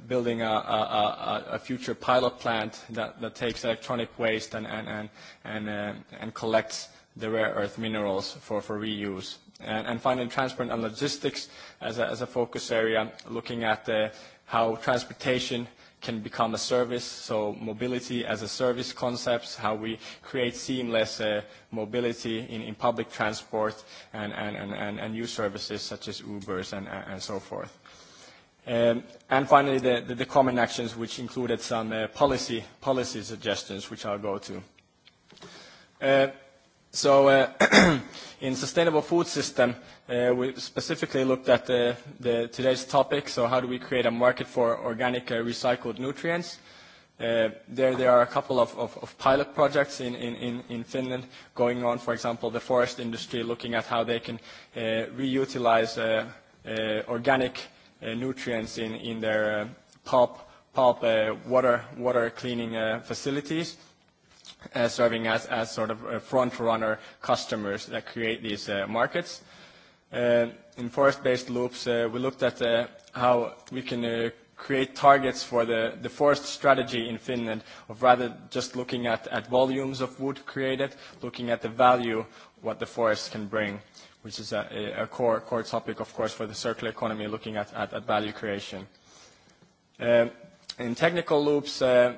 building a, a, a, future pilot plant that, takes electronic waste and, and, and, and collects the rare earth minerals for, for reuse. And, and finally, transport and logistics as a, as a focus area, looking at uh, how transportation can become a service, so mobility as a service concepts, how we create seamless uh, mobility in, in public transport and, and, and, new services such as Ubers and, and so forth. Um, and finally, the, the, the common actions, which included some uh, policy, policy suggestions, which I'll go to. Uh, So uh, in sustainable food system, uh, we specifically looked at the, the, today's topic, so how do we create a market for organic uh, recycled nutrients? Uh, there, there are a couple of, of, of pilot projects in, in, in Finland going on, for example, the forest industry looking at how they can uh, reutilize uh, uh, organic uh, nutrients in, in their uh, pulp, pulp uh, water, water cleaning uh, facilities uh, serving as, as sort of uh, front-runner customers that create these uh, markets. Uh, in forest-based loops, uh, we looked at uh, how we can uh, create targets for the, the forest strategy in Finland of rather just looking at, at volumes of wood created, looking at the value what the forest can bring, which is a, a core, core topic, of course, for the circular economy, looking at, at, at value creation. Uh, in technical loops, uh,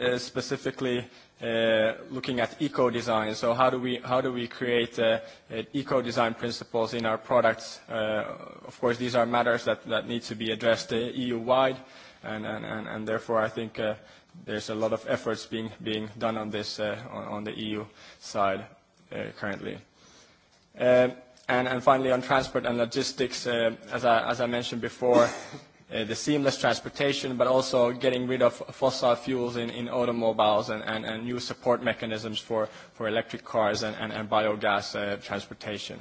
uh, specifically uh, looking at eco-design. So how do we, how do we create uh, uh, eco-design principles in our products? Uh, of course, these are matters that, that need to be addressed uh, EU-wide, and, and, and, and therefore I think uh, there's a lot of efforts being, being done on this uh, on, on the EU side uh, currently. Um, and, and finally, on transport and logistics, uh, as, I, as I mentioned before, Uh, the seamless transportation, but also getting rid of fossil fuels in, in automobiles and, and, and new support mechanisms for, for electric cars and, and, and biogas uh, transportation.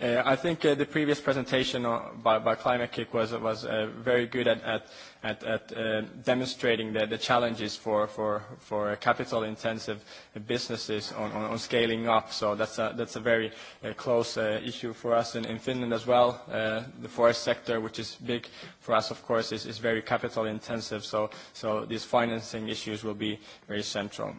Uh, I think uh, the previous presentation uh, by, by Climate Kick was, was uh, very good at, at, at, at uh, demonstrating the, the challenges for, for, for uh, capital-intensive businesses on, on, on scaling up. So that's a, that's a very uh, close uh, issue for us in, in Finland as well. Uh, the forest sector, which is big for us, of course, is, is very capital-intensive. So, so these financing issues will be very central.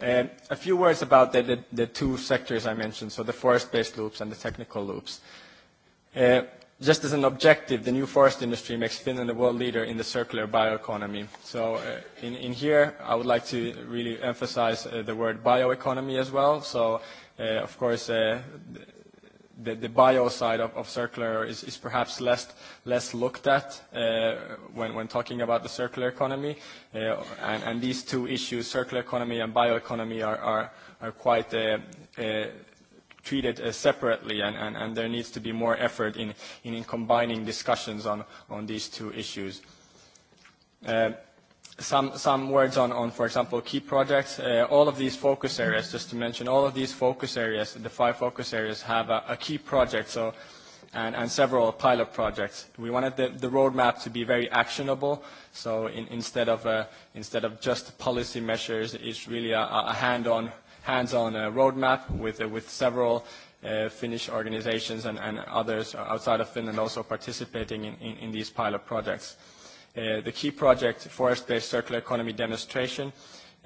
Uh, a few words about the, the, two sectors I mentioned, so the forest-based loops and the technical loops. Uh, just as an objective, the new forest industry makes Finland a world leader in the circular bioeconomy. So uh, in, in here, I would like to really emphasize the word bioeconomy as well. So, of course, the, bio side of, circular is, perhaps less, looked at uh, when, talking about the circular economy. Uh, and, these two issues, circular economy and bioeconomy, are, are, quite uh, treated separately, and, there needs to be more effort in, combining discussions on, these two issues some some words on, on for example, key projects. Uh, all of these focus areas, just to mention, all of these focus areas, the five focus areas, have a, a key project. So, and, and several pilot projects. We wanted the, the roadmap to be very actionable. So instead of uh, instead of just policy measures, it's really a, a on hands-on uh, roadmap with uh, with several uh, Finnish organizations and, and others outside of Finland also participating in, in, in these pilot projects. Uh, the key project, Forest-Based Circular Economy Demonstration,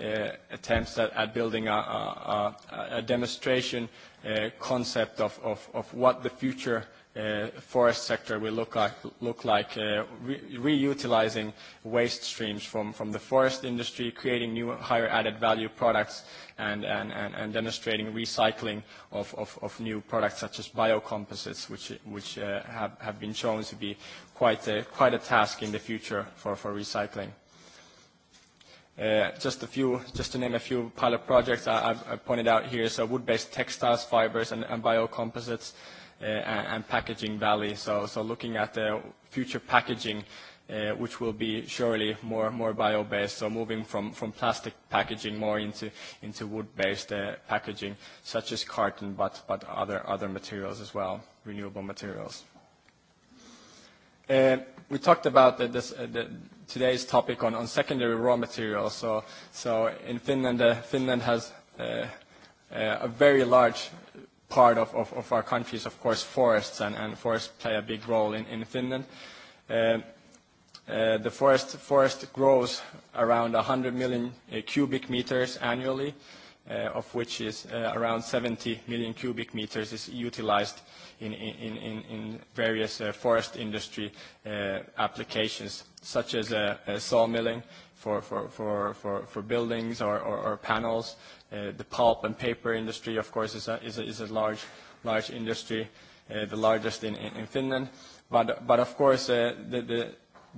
uh, attempts at, building a, demonstration uh, concept of, of what the future Uh, forest sector will look like, look like uh, re reutilizing waste streams from, from the forest industry, creating new higher added value products, and, and, and, and demonstrating recycling of, of, of new products such as biocomposites, which, which uh, have, have been shown to be quite a, quite a task in the future for, for recycling. Uh, just a few, just to name a few pilot projects I, I've pointed out here, so wood-based textiles, fibers, and, and biocomposites, Uh, and packaging valley. So, looking at the future packaging, uh, which will be surely more, bio-based, so moving from, plastic packaging more into, wood-based uh, packaging, such as carton, but, other, other materials as well, renewable materials. we talked about today's topic on, secondary raw materials. So, in Finland, Finland has a very large part of, of, of our country is, of course, forests, and, and forests play a big role in, in Finland. Uh, uh, the forest, forest grows around 100 million uh, cubic meters annually, of which is around 70 million cubic meters is utilized in, in, in, in various forest industry uh, applications, such as uh, sawmilling for, for, for, for, for buildings or, or, or panels, Uh, the pulp and paper industry, of course, is a, is is a large, large industry, uh, the largest in, in, Finland. But, of course, uh, the,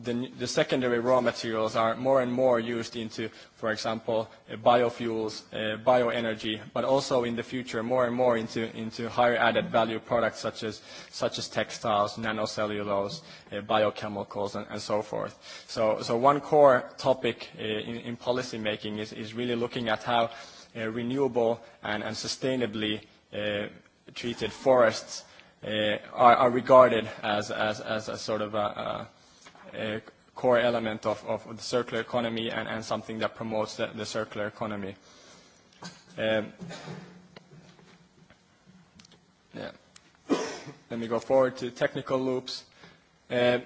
the, the, secondary raw materials are more and more used into, for example, biofuels, bioenergy, but also in the future more and more into, into higher added value products such as, such as textiles, nanocellulose, biochemicals, and, so forth. So, so one core topic in, in policy making is, is really looking at how Uh, renewable and, and sustainably uh, treated forests uh, are, are regarded as, as, as a sort of a, a, a core element of, of the circular economy and, and something that promotes the, the circular economy. Um, yeah. Let me go forward to technical loops. Uh,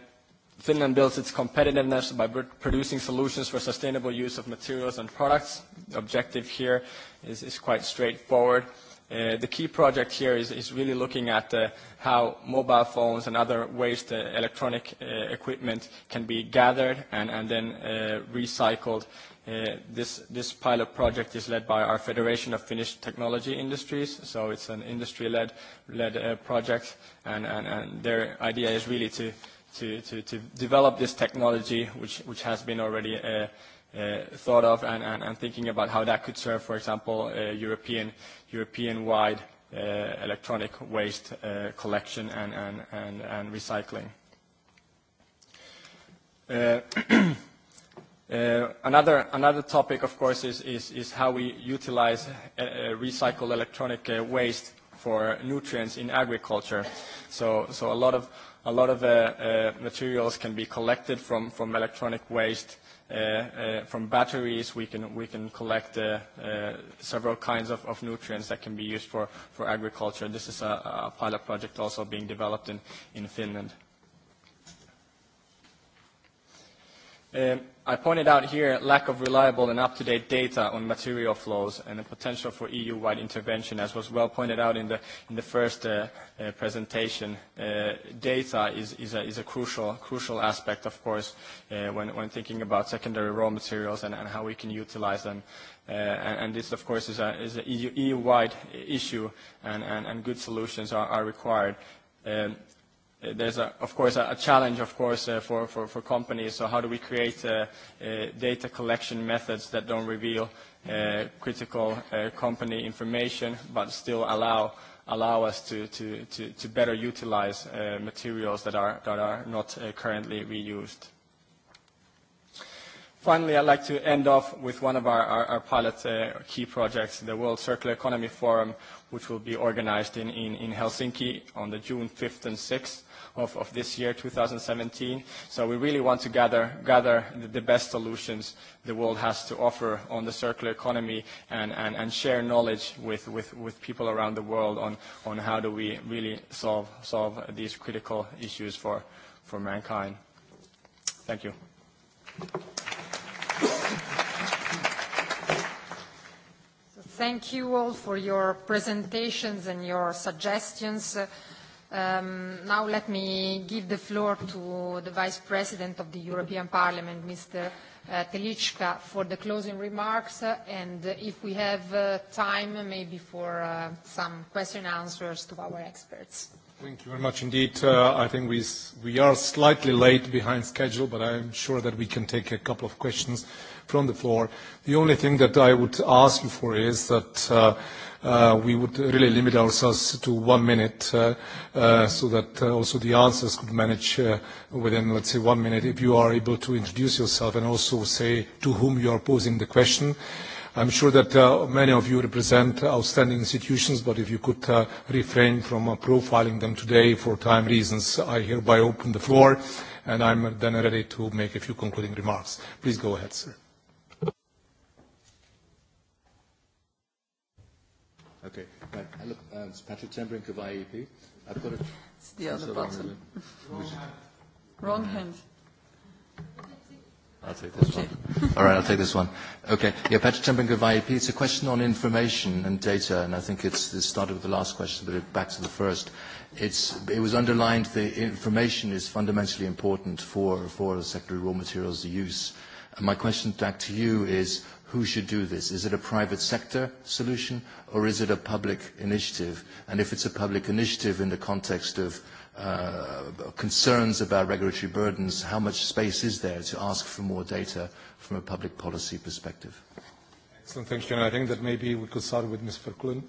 Finland builds its competitiveness by producing solutions for sustainable use of materials and products. The objective here is, is quite straightforward. Uh, the key project here is, is really looking at uh, how mobile phones and other waste uh, electronic equipment can be gathered and, and then uh, recycled. Uh, this, this pilot project is led by our Federation of Finnish Technology Industries, so it's an industry-led led, uh, project, and, and, and their idea is really to to, develop this technology, which, which has been already uh, uh, thought of and, and, and thinking about how that could serve, for example, uh, European, European-wide electronic waste collection and, and, and, recycling. another, another topic, of course, is, is, is how we utilize uh, recycled electronic waste for nutrients in agriculture. So, so a lot of a lot of the uh, uh, materials can be collected from, from electronic waste. Uh, uh, from batteries, we can, we can collect uh, uh, several kinds of, of nutrients that can be used for, for agriculture. This is a, pilot project also being developed in, in Finland. Um, i pointed out here lack of reliable and up-to-date data on material flows and the potential for EU-wide intervention, as was well pointed out in the, in the first uh, uh, presentation. Uh, data is, is, a, is a crucial, crucial aspect, of course, uh, when, when thinking about secondary raw materials and, and how we can utilize them. Uh, and, and this, of course, is an is a EU-wide e EU issue, and, and, and good solutions are, are required. Um, Uh, there's a, of course a, a challenge of course uh, for, for, for companies so how do we create uh, uh, data collection methods that don't reveal uh, critical uh, company information but still allow allow us to, to, to, to better utilize uh, materials that are, that are not uh, currently reused. Finally, I'd like to end off with one of our, our, our pilot uh, key projects, the World Circular Economy Forum, which will be organized in, in, in Helsinki on the June 5th and 6th of, of this year, 2017. So we really want to gather, gather the, best solutions the world has to offer on the circular economy and, and, share knowledge with, with, with people around the world on, on how do we really solve, solve these critical issues for, for mankind. Thank you. Thank you all for your presentations and your suggestions. Um, now let me give the floor to the Vice President of the European Parliament, Mr. Uh, for the closing remarks, uh, and if we have uh, time, maybe for uh, some question answers to our experts. Thank you very much indeed. Uh, I think we, we are slightly late behind schedule, but I am sure that we can take a couple of questions from the floor. The only thing that I would ask you for is that uh, uh, we would really limit ourselves to one minute so that also the answers could manage within, let's say, one minute if you are able to introduce yourself and also say to whom you are posing the question. I'm sure that uh, many of you represent outstanding institutions, but if you could uh, refrain from uh, profiling them today for time reasons, I hereby open the floor, and I'm then ready to make a few concluding remarks. Please go ahead, sir. Okay. Right. Uh, look, uh, it's Patrick Tembrink of IEP. I've got a... It's the other button. Wrong hand. Wrong hand. I'll take this one. All right, I'll take this one. Okay. Yeah, Patrick of IEP. It's a question on information and data, and I think it's it started with the last question, but it back to the first. It's, it was underlined the information is fundamentally important for, for the secondary raw materials use. And my question back to you is, who should do this? Is it a private sector solution, or is it a public initiative? And if it's a public initiative in the context of uh, concerns about regulatory burdens, how much space is there to ask for more data from a public policy perspective? Excellent, Thanks, you. I think that maybe we could start with Ms. Verkulen.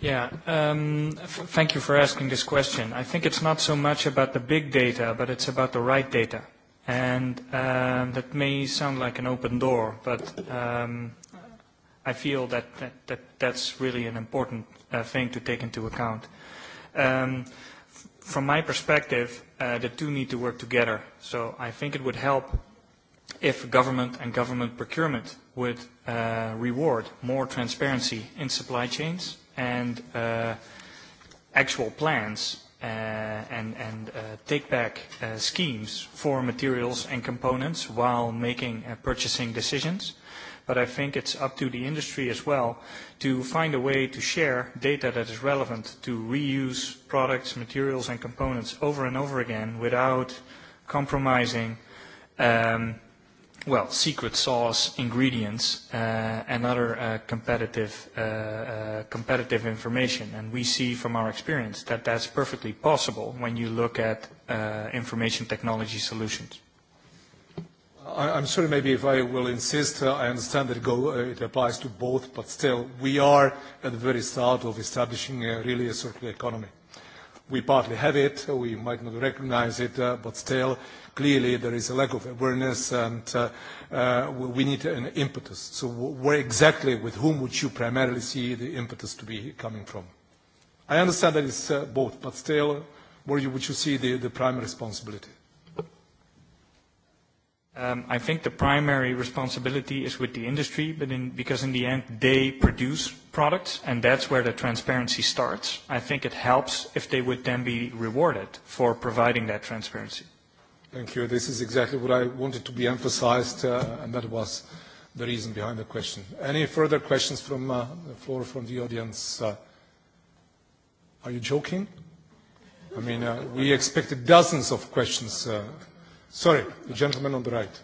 Yeah, um, thank you for asking this question. I think it's not so much about the big data, but it's about the right data. And um, that may sound like an open door, but um, I feel that, that, that that's really an important uh, thing to take into account. Um, from my perspective, uh, the two need to work together. So I think it would help if government and government procurement would uh, reward more transparency in supply chains and uh, actual plans uh, and, and uh, take-back uh, schemes for materials and components while making uh, purchasing decisions but I think it's up to the industry as well to find a way to share data that is relevant to reuse products, materials, and components over and over again without compromising um, well, secret sauce ingredients uh, and other uh, competitive, uh, uh, competitive information. And we see from our experience that that's perfectly possible when you look at information technology solutions. I, I'm sorry, maybe if I will insist, uh, I understand that uh, it applies to both, but still, we are at the very start of establishing a, uh, really a circular economy. We partly have it, we might not recognize it, but still, clearly there is a lack of awareness and we need an impetus. So where exactly, with whom would you primarily see the impetus to be coming from? I understand that it's both, but still, where would you see the, the prime responsibility? Um, I think the primary responsibility is with the industry, but in, because in the end they produce products, and that's where the transparency starts. I think it helps if they would then be rewarded for providing that transparency. Thank you. This is exactly what I wanted to be emphasized, uh, and that was the reason behind the question. Any further questions from uh, the floor, from the audience? Uh, are you joking? I mean, uh, we expected dozens of questions. Uh, Sorry, the gentleman on the right.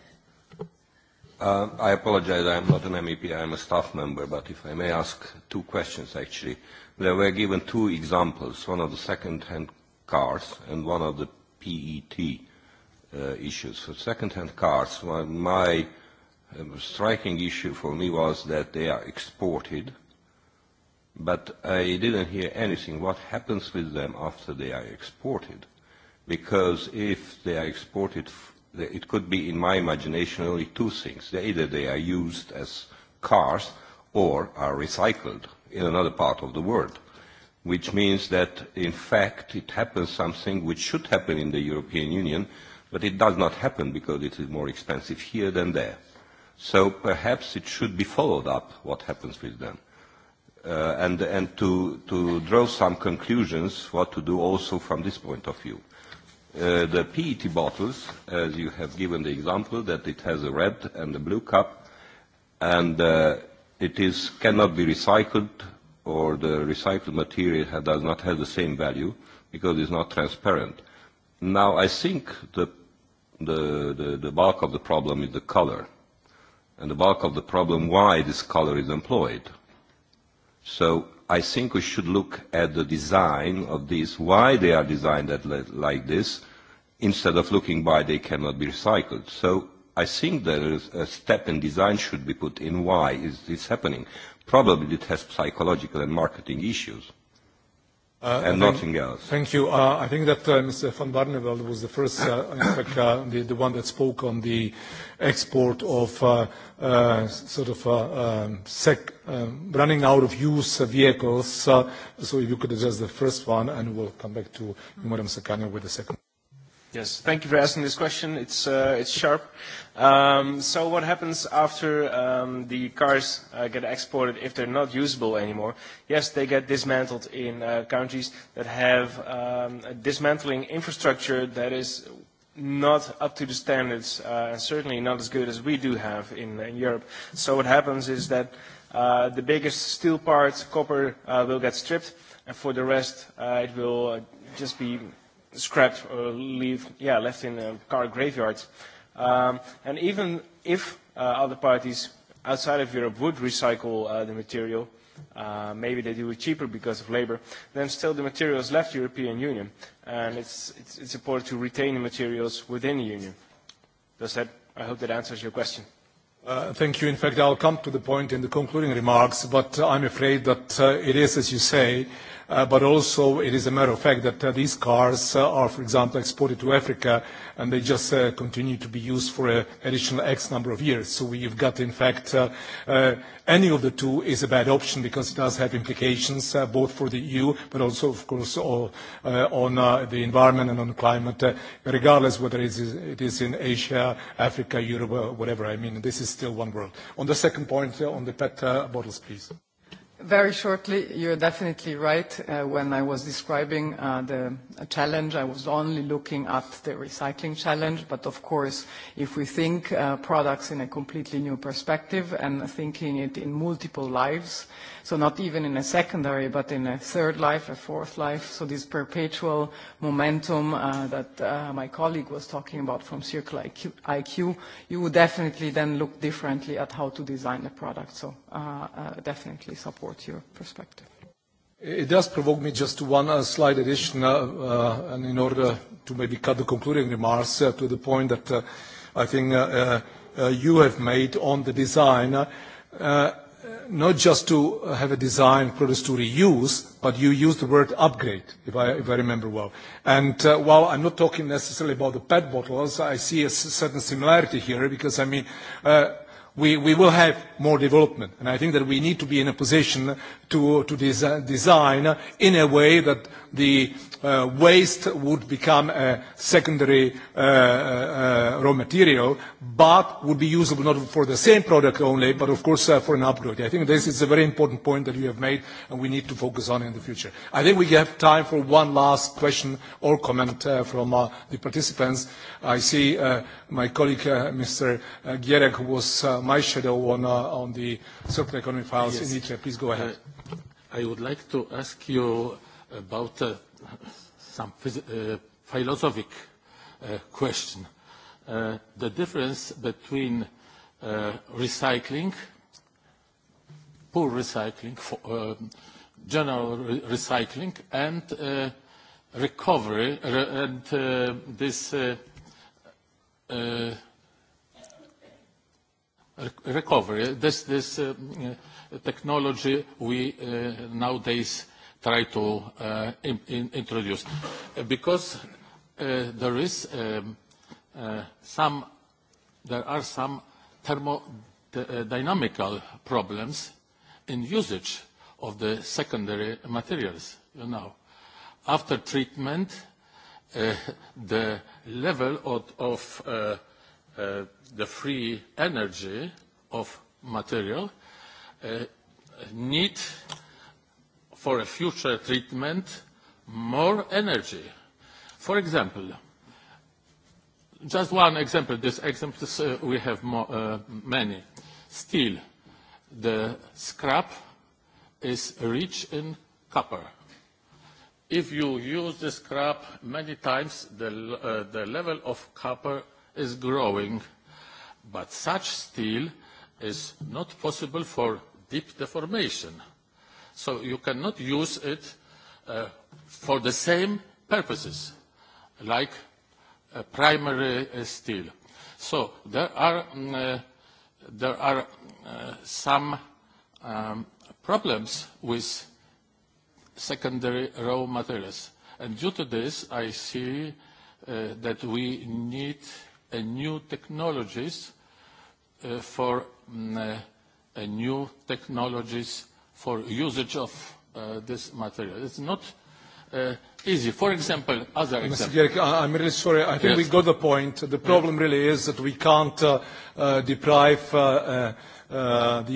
Uh, I apologize, I am not an MEP, I am a staff member, but if I may ask two questions actually. There were given two examples, one of the second-hand cars and one of the PET uh, issues. For second-hand cars, my, my uh, striking issue for me was that they are exported, but I didn't hear anything what happens with them after they are exported because if they are exported, it could be, in my imagination, only two things. Either they are used as cars or are recycled in another part of the world, which means that, in fact, it happens something which should happen in the European Union, but it does not happen because it is more expensive here than there. So perhaps it should be followed up what happens with them. Uh, and and to, to draw some conclusions what to do also from this point of view. Uh, the PET bottles, as you have given the example, that it has a red and a blue cup and uh, it is cannot be recycled, or the recycled material does not have the same value because it's not transparent. Now, I think the, the, the, the bulk of the problem is the color, and the bulk of the problem why this color is employed. So i think we should look at the design of these, why they are designed at like this, instead of looking why they cannot be recycled. So I think that a step in design should be put in why is this happening. Probably it has psychological and marketing issues. Uh, and thank, nothing else. Thank you. Uh, I think that uh, Mr. van Barneveld was the first, in fact, the, the one that spoke on the export of sort of um, sec, um, running out of use vehicles. So if you could address the first one, and we'll come back to Madam Sakanya with the second. Yes, thank you for asking this question. It's, uh, it's sharp. Um, so what happens after um, the cars uh, get exported if they're not usable anymore? Yes, they get dismantled in uh, countries that have um, a dismantling infrastructure that is not up to the standards uh, and certainly not as good as we do have in, in Europe. So what happens is that uh, the biggest steel parts, copper, uh, will get stripped and for the rest uh, it will uh, just be scrapped or leave, yeah, left in a car graveyards. Um, and even if uh, other parties outside of Europe would recycle uh, the material, uh, maybe they do it cheaper because of labor, then still the materials left the European Union. And it's, it's, it's important to retain the materials within the Union. Does that, I hope that answers your question. Uh, thank you. In fact, I'll come to the point in the concluding remarks, but uh, I'm afraid that uh, it is, as you say, but also it is a matter of fact that these cars are, for example, exported to Africa, and they just continue to be used for an additional X number of years. So we've got, in fact, any of the two is a bad option because it does have implications both for the EU, but also, of course, on the environment and on the climate, regardless whether it is, in Asia, Africa, Europe, or whatever. I mean, this is still one world. On the second point, uh, on the PET uh, bottles, please. Very shortly, you're definitely right. Uh, when I was describing uh, the challenge, I was only looking at the recycling challenge. But of course, if we think uh, products in a completely new perspective and thinking it in multiple lives, so not even in a secondary, but in a third life, a fourth life, so this perpetual momentum that my colleague was talking about from Circular IQ, IQ, you would definitely then look differently at how to design a product. So definitely support support your perspective. It does provoke me just to one uh, slight addition, uh, uh, and in order to maybe cut the concluding remarks to the point that I think you have made on the design, not just to have a design products to reuse, but you use the word upgrade, if I, remember well. And while I'm not talking necessarily about the PET bottles, I see a certain similarity here because, I mean, we, we will have more development. And I think that we need to be in a position to, to design in a way that the uh, waste would become a secondary uh, uh, uh, raw material, but would be usable not for the same product only, but of course uh, for an upgrade. I think this is a very important point that you have made, and we need to focus on in the future. I think we have time for one last question or comment uh, from the participants. I see my colleague, Mr. Gierek, who was my shadow on, on the circular economy files yes. in Italy. Please go ahead. I would like to ask you about uh, some uh, philosophic uh, question. Uh, the difference between uh, recycling, poor recycling, for, uh, general re recycling, and uh, recovery, re and uh, this uh, uh, recovery, this, this uh, technology we uh, nowadays try to uh, in, in introduce. Because uh, there is um, uh, some, there are some thermodynamical uh, problems in usage of the secondary materials, you know. After treatment, uh, the level of, of uh, uh, the free energy of material uh, need for a future treatment more energy. For example, just one example, this example uh, we have more, uh, many. Steel. the scrap is rich in copper. If you use the scrap many times, the, uh, the level of copper is growing, but such steel is not possible for deep deformation So you cannot use it uh, for the same purposes like primary uh, steel. So there are, mm, uh, there are uh, some um, problems with secondary raw materials. And due to this, I see uh, that we need a new technologies for um, a new technologies for usage of uh, this material. It's not Uh, easy. For example, other Mr. example. I'm really sorry. I think we got the point. The problem really is that we can't uh, uh, deprive the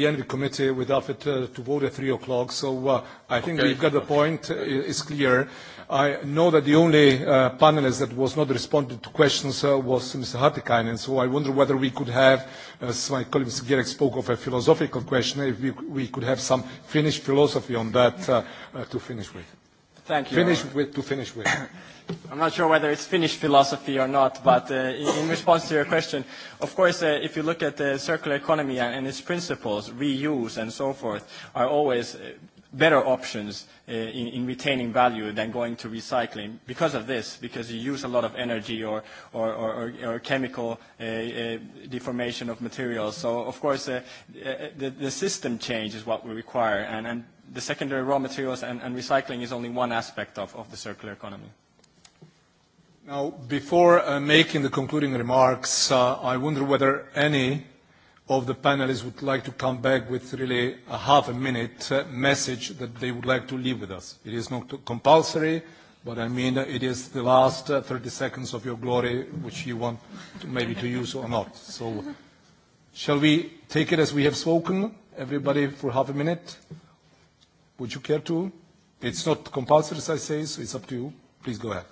Envy Committee without it to vote at 3 o'clock. So I think okay. we've got the point. It's clear. I know that the only uh, panelist that was not responding to questions uh, was Mr. Hatikainen, so I wonder whether we could have, as my colleague Mr. Gerek spoke of a philosophical question, if we, we could have some Finnish philosophy on that to finish with. Thank you. Finish with, to finish with. I'm not sure whether it's Finnish philosophy or not, but uh, in response to your question, of course, uh, if you look at the circular economy and its principles, reuse and so forth are always uh, better options uh, in, in retaining value than going to recycling because of this, because you use a lot of energy or, or, or, or chemical uh, uh, deformation of materials. So, of course, uh, uh, the, the system change is what we require, and, and the secondary raw materials and, and recycling is only one aspect of, of the circular economy. Now, before uh, making the concluding remarks, uh, I wonder whether any of the panelists would like to come back with really a half a minute uh, message that they would like to leave with us. It is not compulsory, but I mean it is the last 30 seconds of your glory which you want to, maybe to use or not. So shall we take it as we have spoken, everybody for half a minute? Would you care to? It's not compulsory, as I say, so it's up to you. Please go ahead.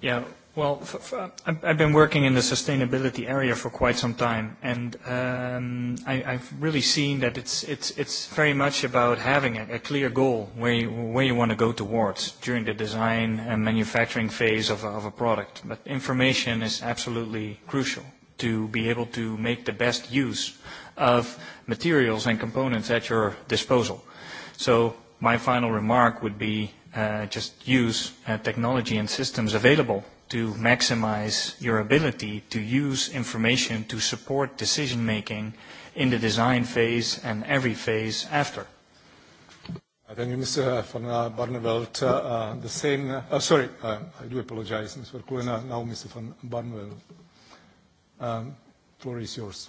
Yeah. Well, I've been working in the sustainability area for quite some time, and um, I, I've really seen that it's, it's, very much about having a, clear goal where you, where want to go towards during the design and manufacturing phase of of a product. But information is absolutely crucial to be able to make the best use of materials and components at your disposal. So my final remark would be uh, just use uh, technology and systems available to maximize your ability to use information to support decision making in the design phase and every phase after. Thank you, Mr. Uh, von uh, Barneveld. Uh, uh, the same, uh, oh, sorry, uh, I do apologize, Mr. Kulena. Now, Mr. von Barneveld. Um, floor is yours.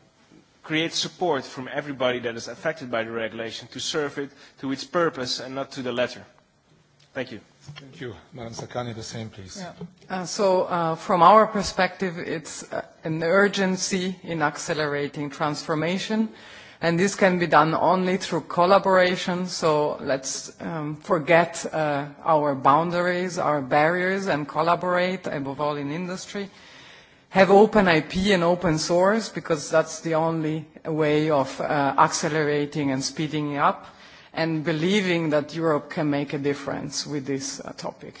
create support from everybody that is affected by the regulation to serve it to its purpose and not to the letter. Thank you. Thank you. Madam Sakani, the same, please. Yeah. Uh, so uh, from our perspective, it's uh, an urgency in accelerating transformation. And this can be done only through collaboration. So let's um, forget uh, our boundaries, our barriers, and collaborate, above all in industry have open IP and open source because that's the only way of uh, accelerating and speeding up and believing that Europe can make a difference with this uh, topic.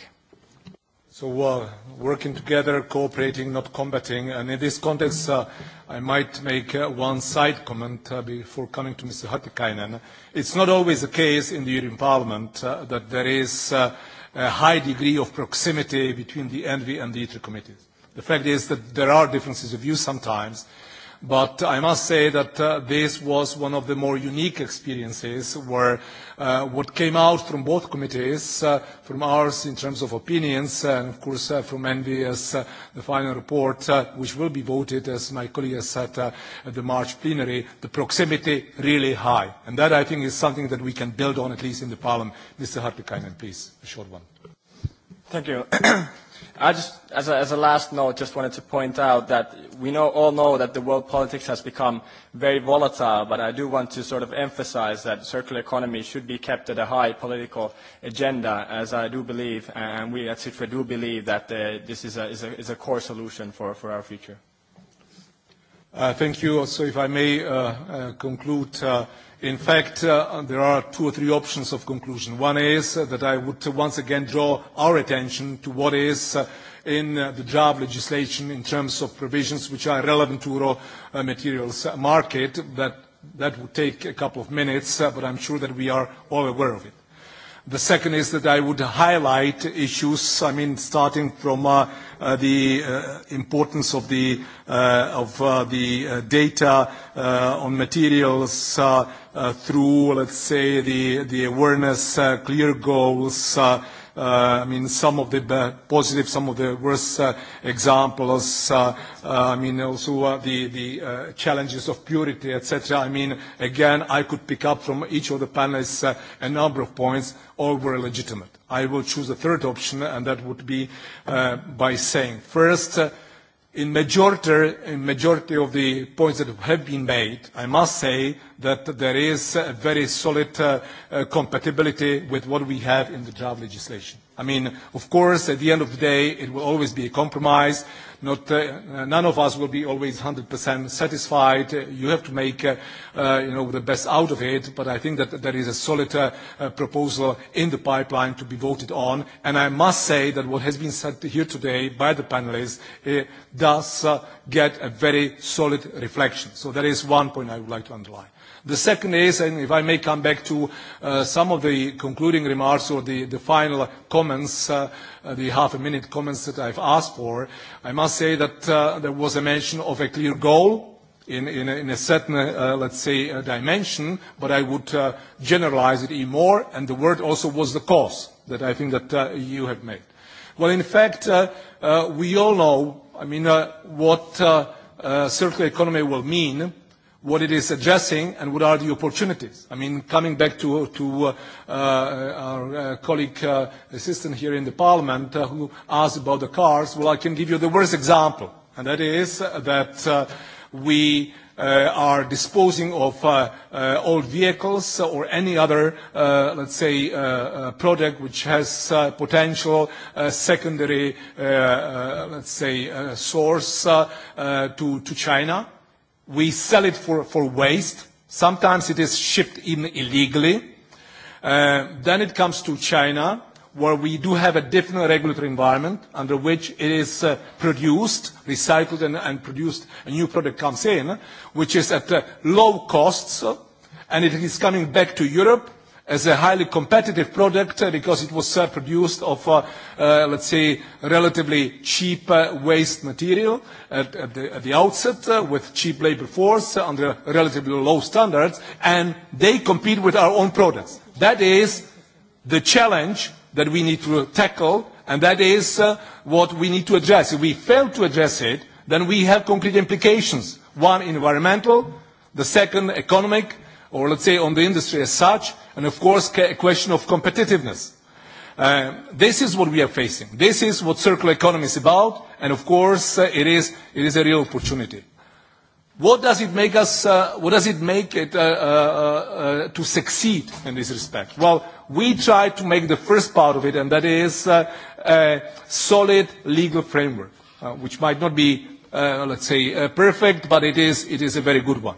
So uh, working together, cooperating, not combating. And in this context, uh, I might make uh, one side comment uh, before coming to Mr. It It's not always the case in the European Parliament uh, that there is uh, a high degree of proximity between the ENVI and the ITRE committees. The fact is that there are differences of view sometimes, but I must say that uh, this was one of the more unique experiences where uh, what came out from both committees, uh, from ours in terms of opinions, and of course uh, from ENVI as uh, the final report, uh, which will be voted, as my colleague has said, at the March plenary, the proximity really high. And that, I think, is something that we can build on, at least in the Parliament. Mr. Hartikainen, please, a short one. Thank you. I just, as a, as a last note, just wanted to point out that we know, all know that the world politics has become very volatile, but I do want to sort of emphasize that circular economy should be kept at a high political agenda, as I do believe, and we at Citra do believe that uh, this is a, is, a, is a core solution for, for our future. Uh, thank you. Also, if I may uh, uh, conclude, uh, In fact, uh, there are two or three options of conclusion. One is uh, that I would once again draw our attention to what is uh, in uh, the job legislation in terms of provisions which are relevant to raw materials market. That, that would take a couple of minutes, but I'm sure that we are all aware of it. The second is that I would highlight issues, I mean, starting from uh, uh, the uh, importance of the, data on materials through, let's say, the, the awareness, clear goals, Uh, I mean, some of the positive, some of the worst uh, examples. Uh, I mean, also the the challenges of purity, etc. I mean, again, I could pick up from each of the panelists a number of points, all were legitimate. I will choose a third option, and that would be by saying, first, in majority, in majority of the points that have been made, I must say that there is a very solid uh, uh, compatibility with what we have in the draft legislation. I mean, of course, at the end of the day, it will always be a compromise. Not, uh, none of us will be always 100% satisfied. You have to make, uh, uh, you know, the best out of it. But I think that there is a solid uh, uh, proposal in the pipeline to be voted on. And I must say that what has been said here today by the panelists does get a very solid reflection. So that is one point I would like to underline. The second is, and if I may come back to uh, some of the concluding remarks or the, the final comments, uh, uh, the half a minute comments that I've asked for, I must say that uh, there was a mention of a clear goal in, in, a, in a certain, uh, let's say, uh, dimension, but I would generalize it even more, and the word also was the cause that I think that you have made. Well, in fact, we all know, I mean, what circular economy will mean what it is addressing and what are the opportunities. I mean, coming back to, to uh, uh, our uh, colleague assistant here in the parliament who asked about the cars, well, I can give you the worst example, and that is that we are disposing of old vehicles or any other, let's say, product which has potential secondary, let's say, source to, to China we sell it for, for waste. Sometimes it is shipped in illegally. Uh, then it comes to China, where we do have a different regulatory environment under which it is uh, produced, recycled and, and produced, a new product comes in, which is at uh, low costs, and it is coming back to Europe as a highly competitive product uh, because it was uh, produced of, uh, let's say, relatively cheap waste material at, the, the outset with cheap labor force under relatively low standards, and they compete with our own products. That is the challenge that we need to tackle, and that is what we need to address. If we fail to address it, then we have concrete implications. One, environmental, the second, economic, or let's say on the industry as such, and of course a question of competitiveness. Uh, this is what we are facing. This is what circular economy is about, and of course uh, it, is, it is a real opportunity. What does it make us, uh, what does it make it uh, uh, uh to succeed in this respect? Well, we try to make the first part of it, and that is a solid legal framework, which might not be, let's say, perfect, but it is, it is a very good one.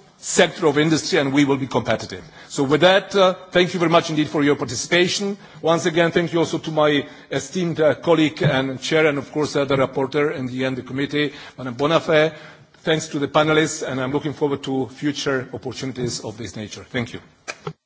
sector of industry and we will be competitive. So with that, uh, thank you very much indeed for your participation. Once again, thank you also to my esteemed uh, colleague and chair and of course uh, the reporter and the end the committee, Madam Bonafé. Thanks to the panelists and I'm looking forward to future opportunities of this nature. Thank you.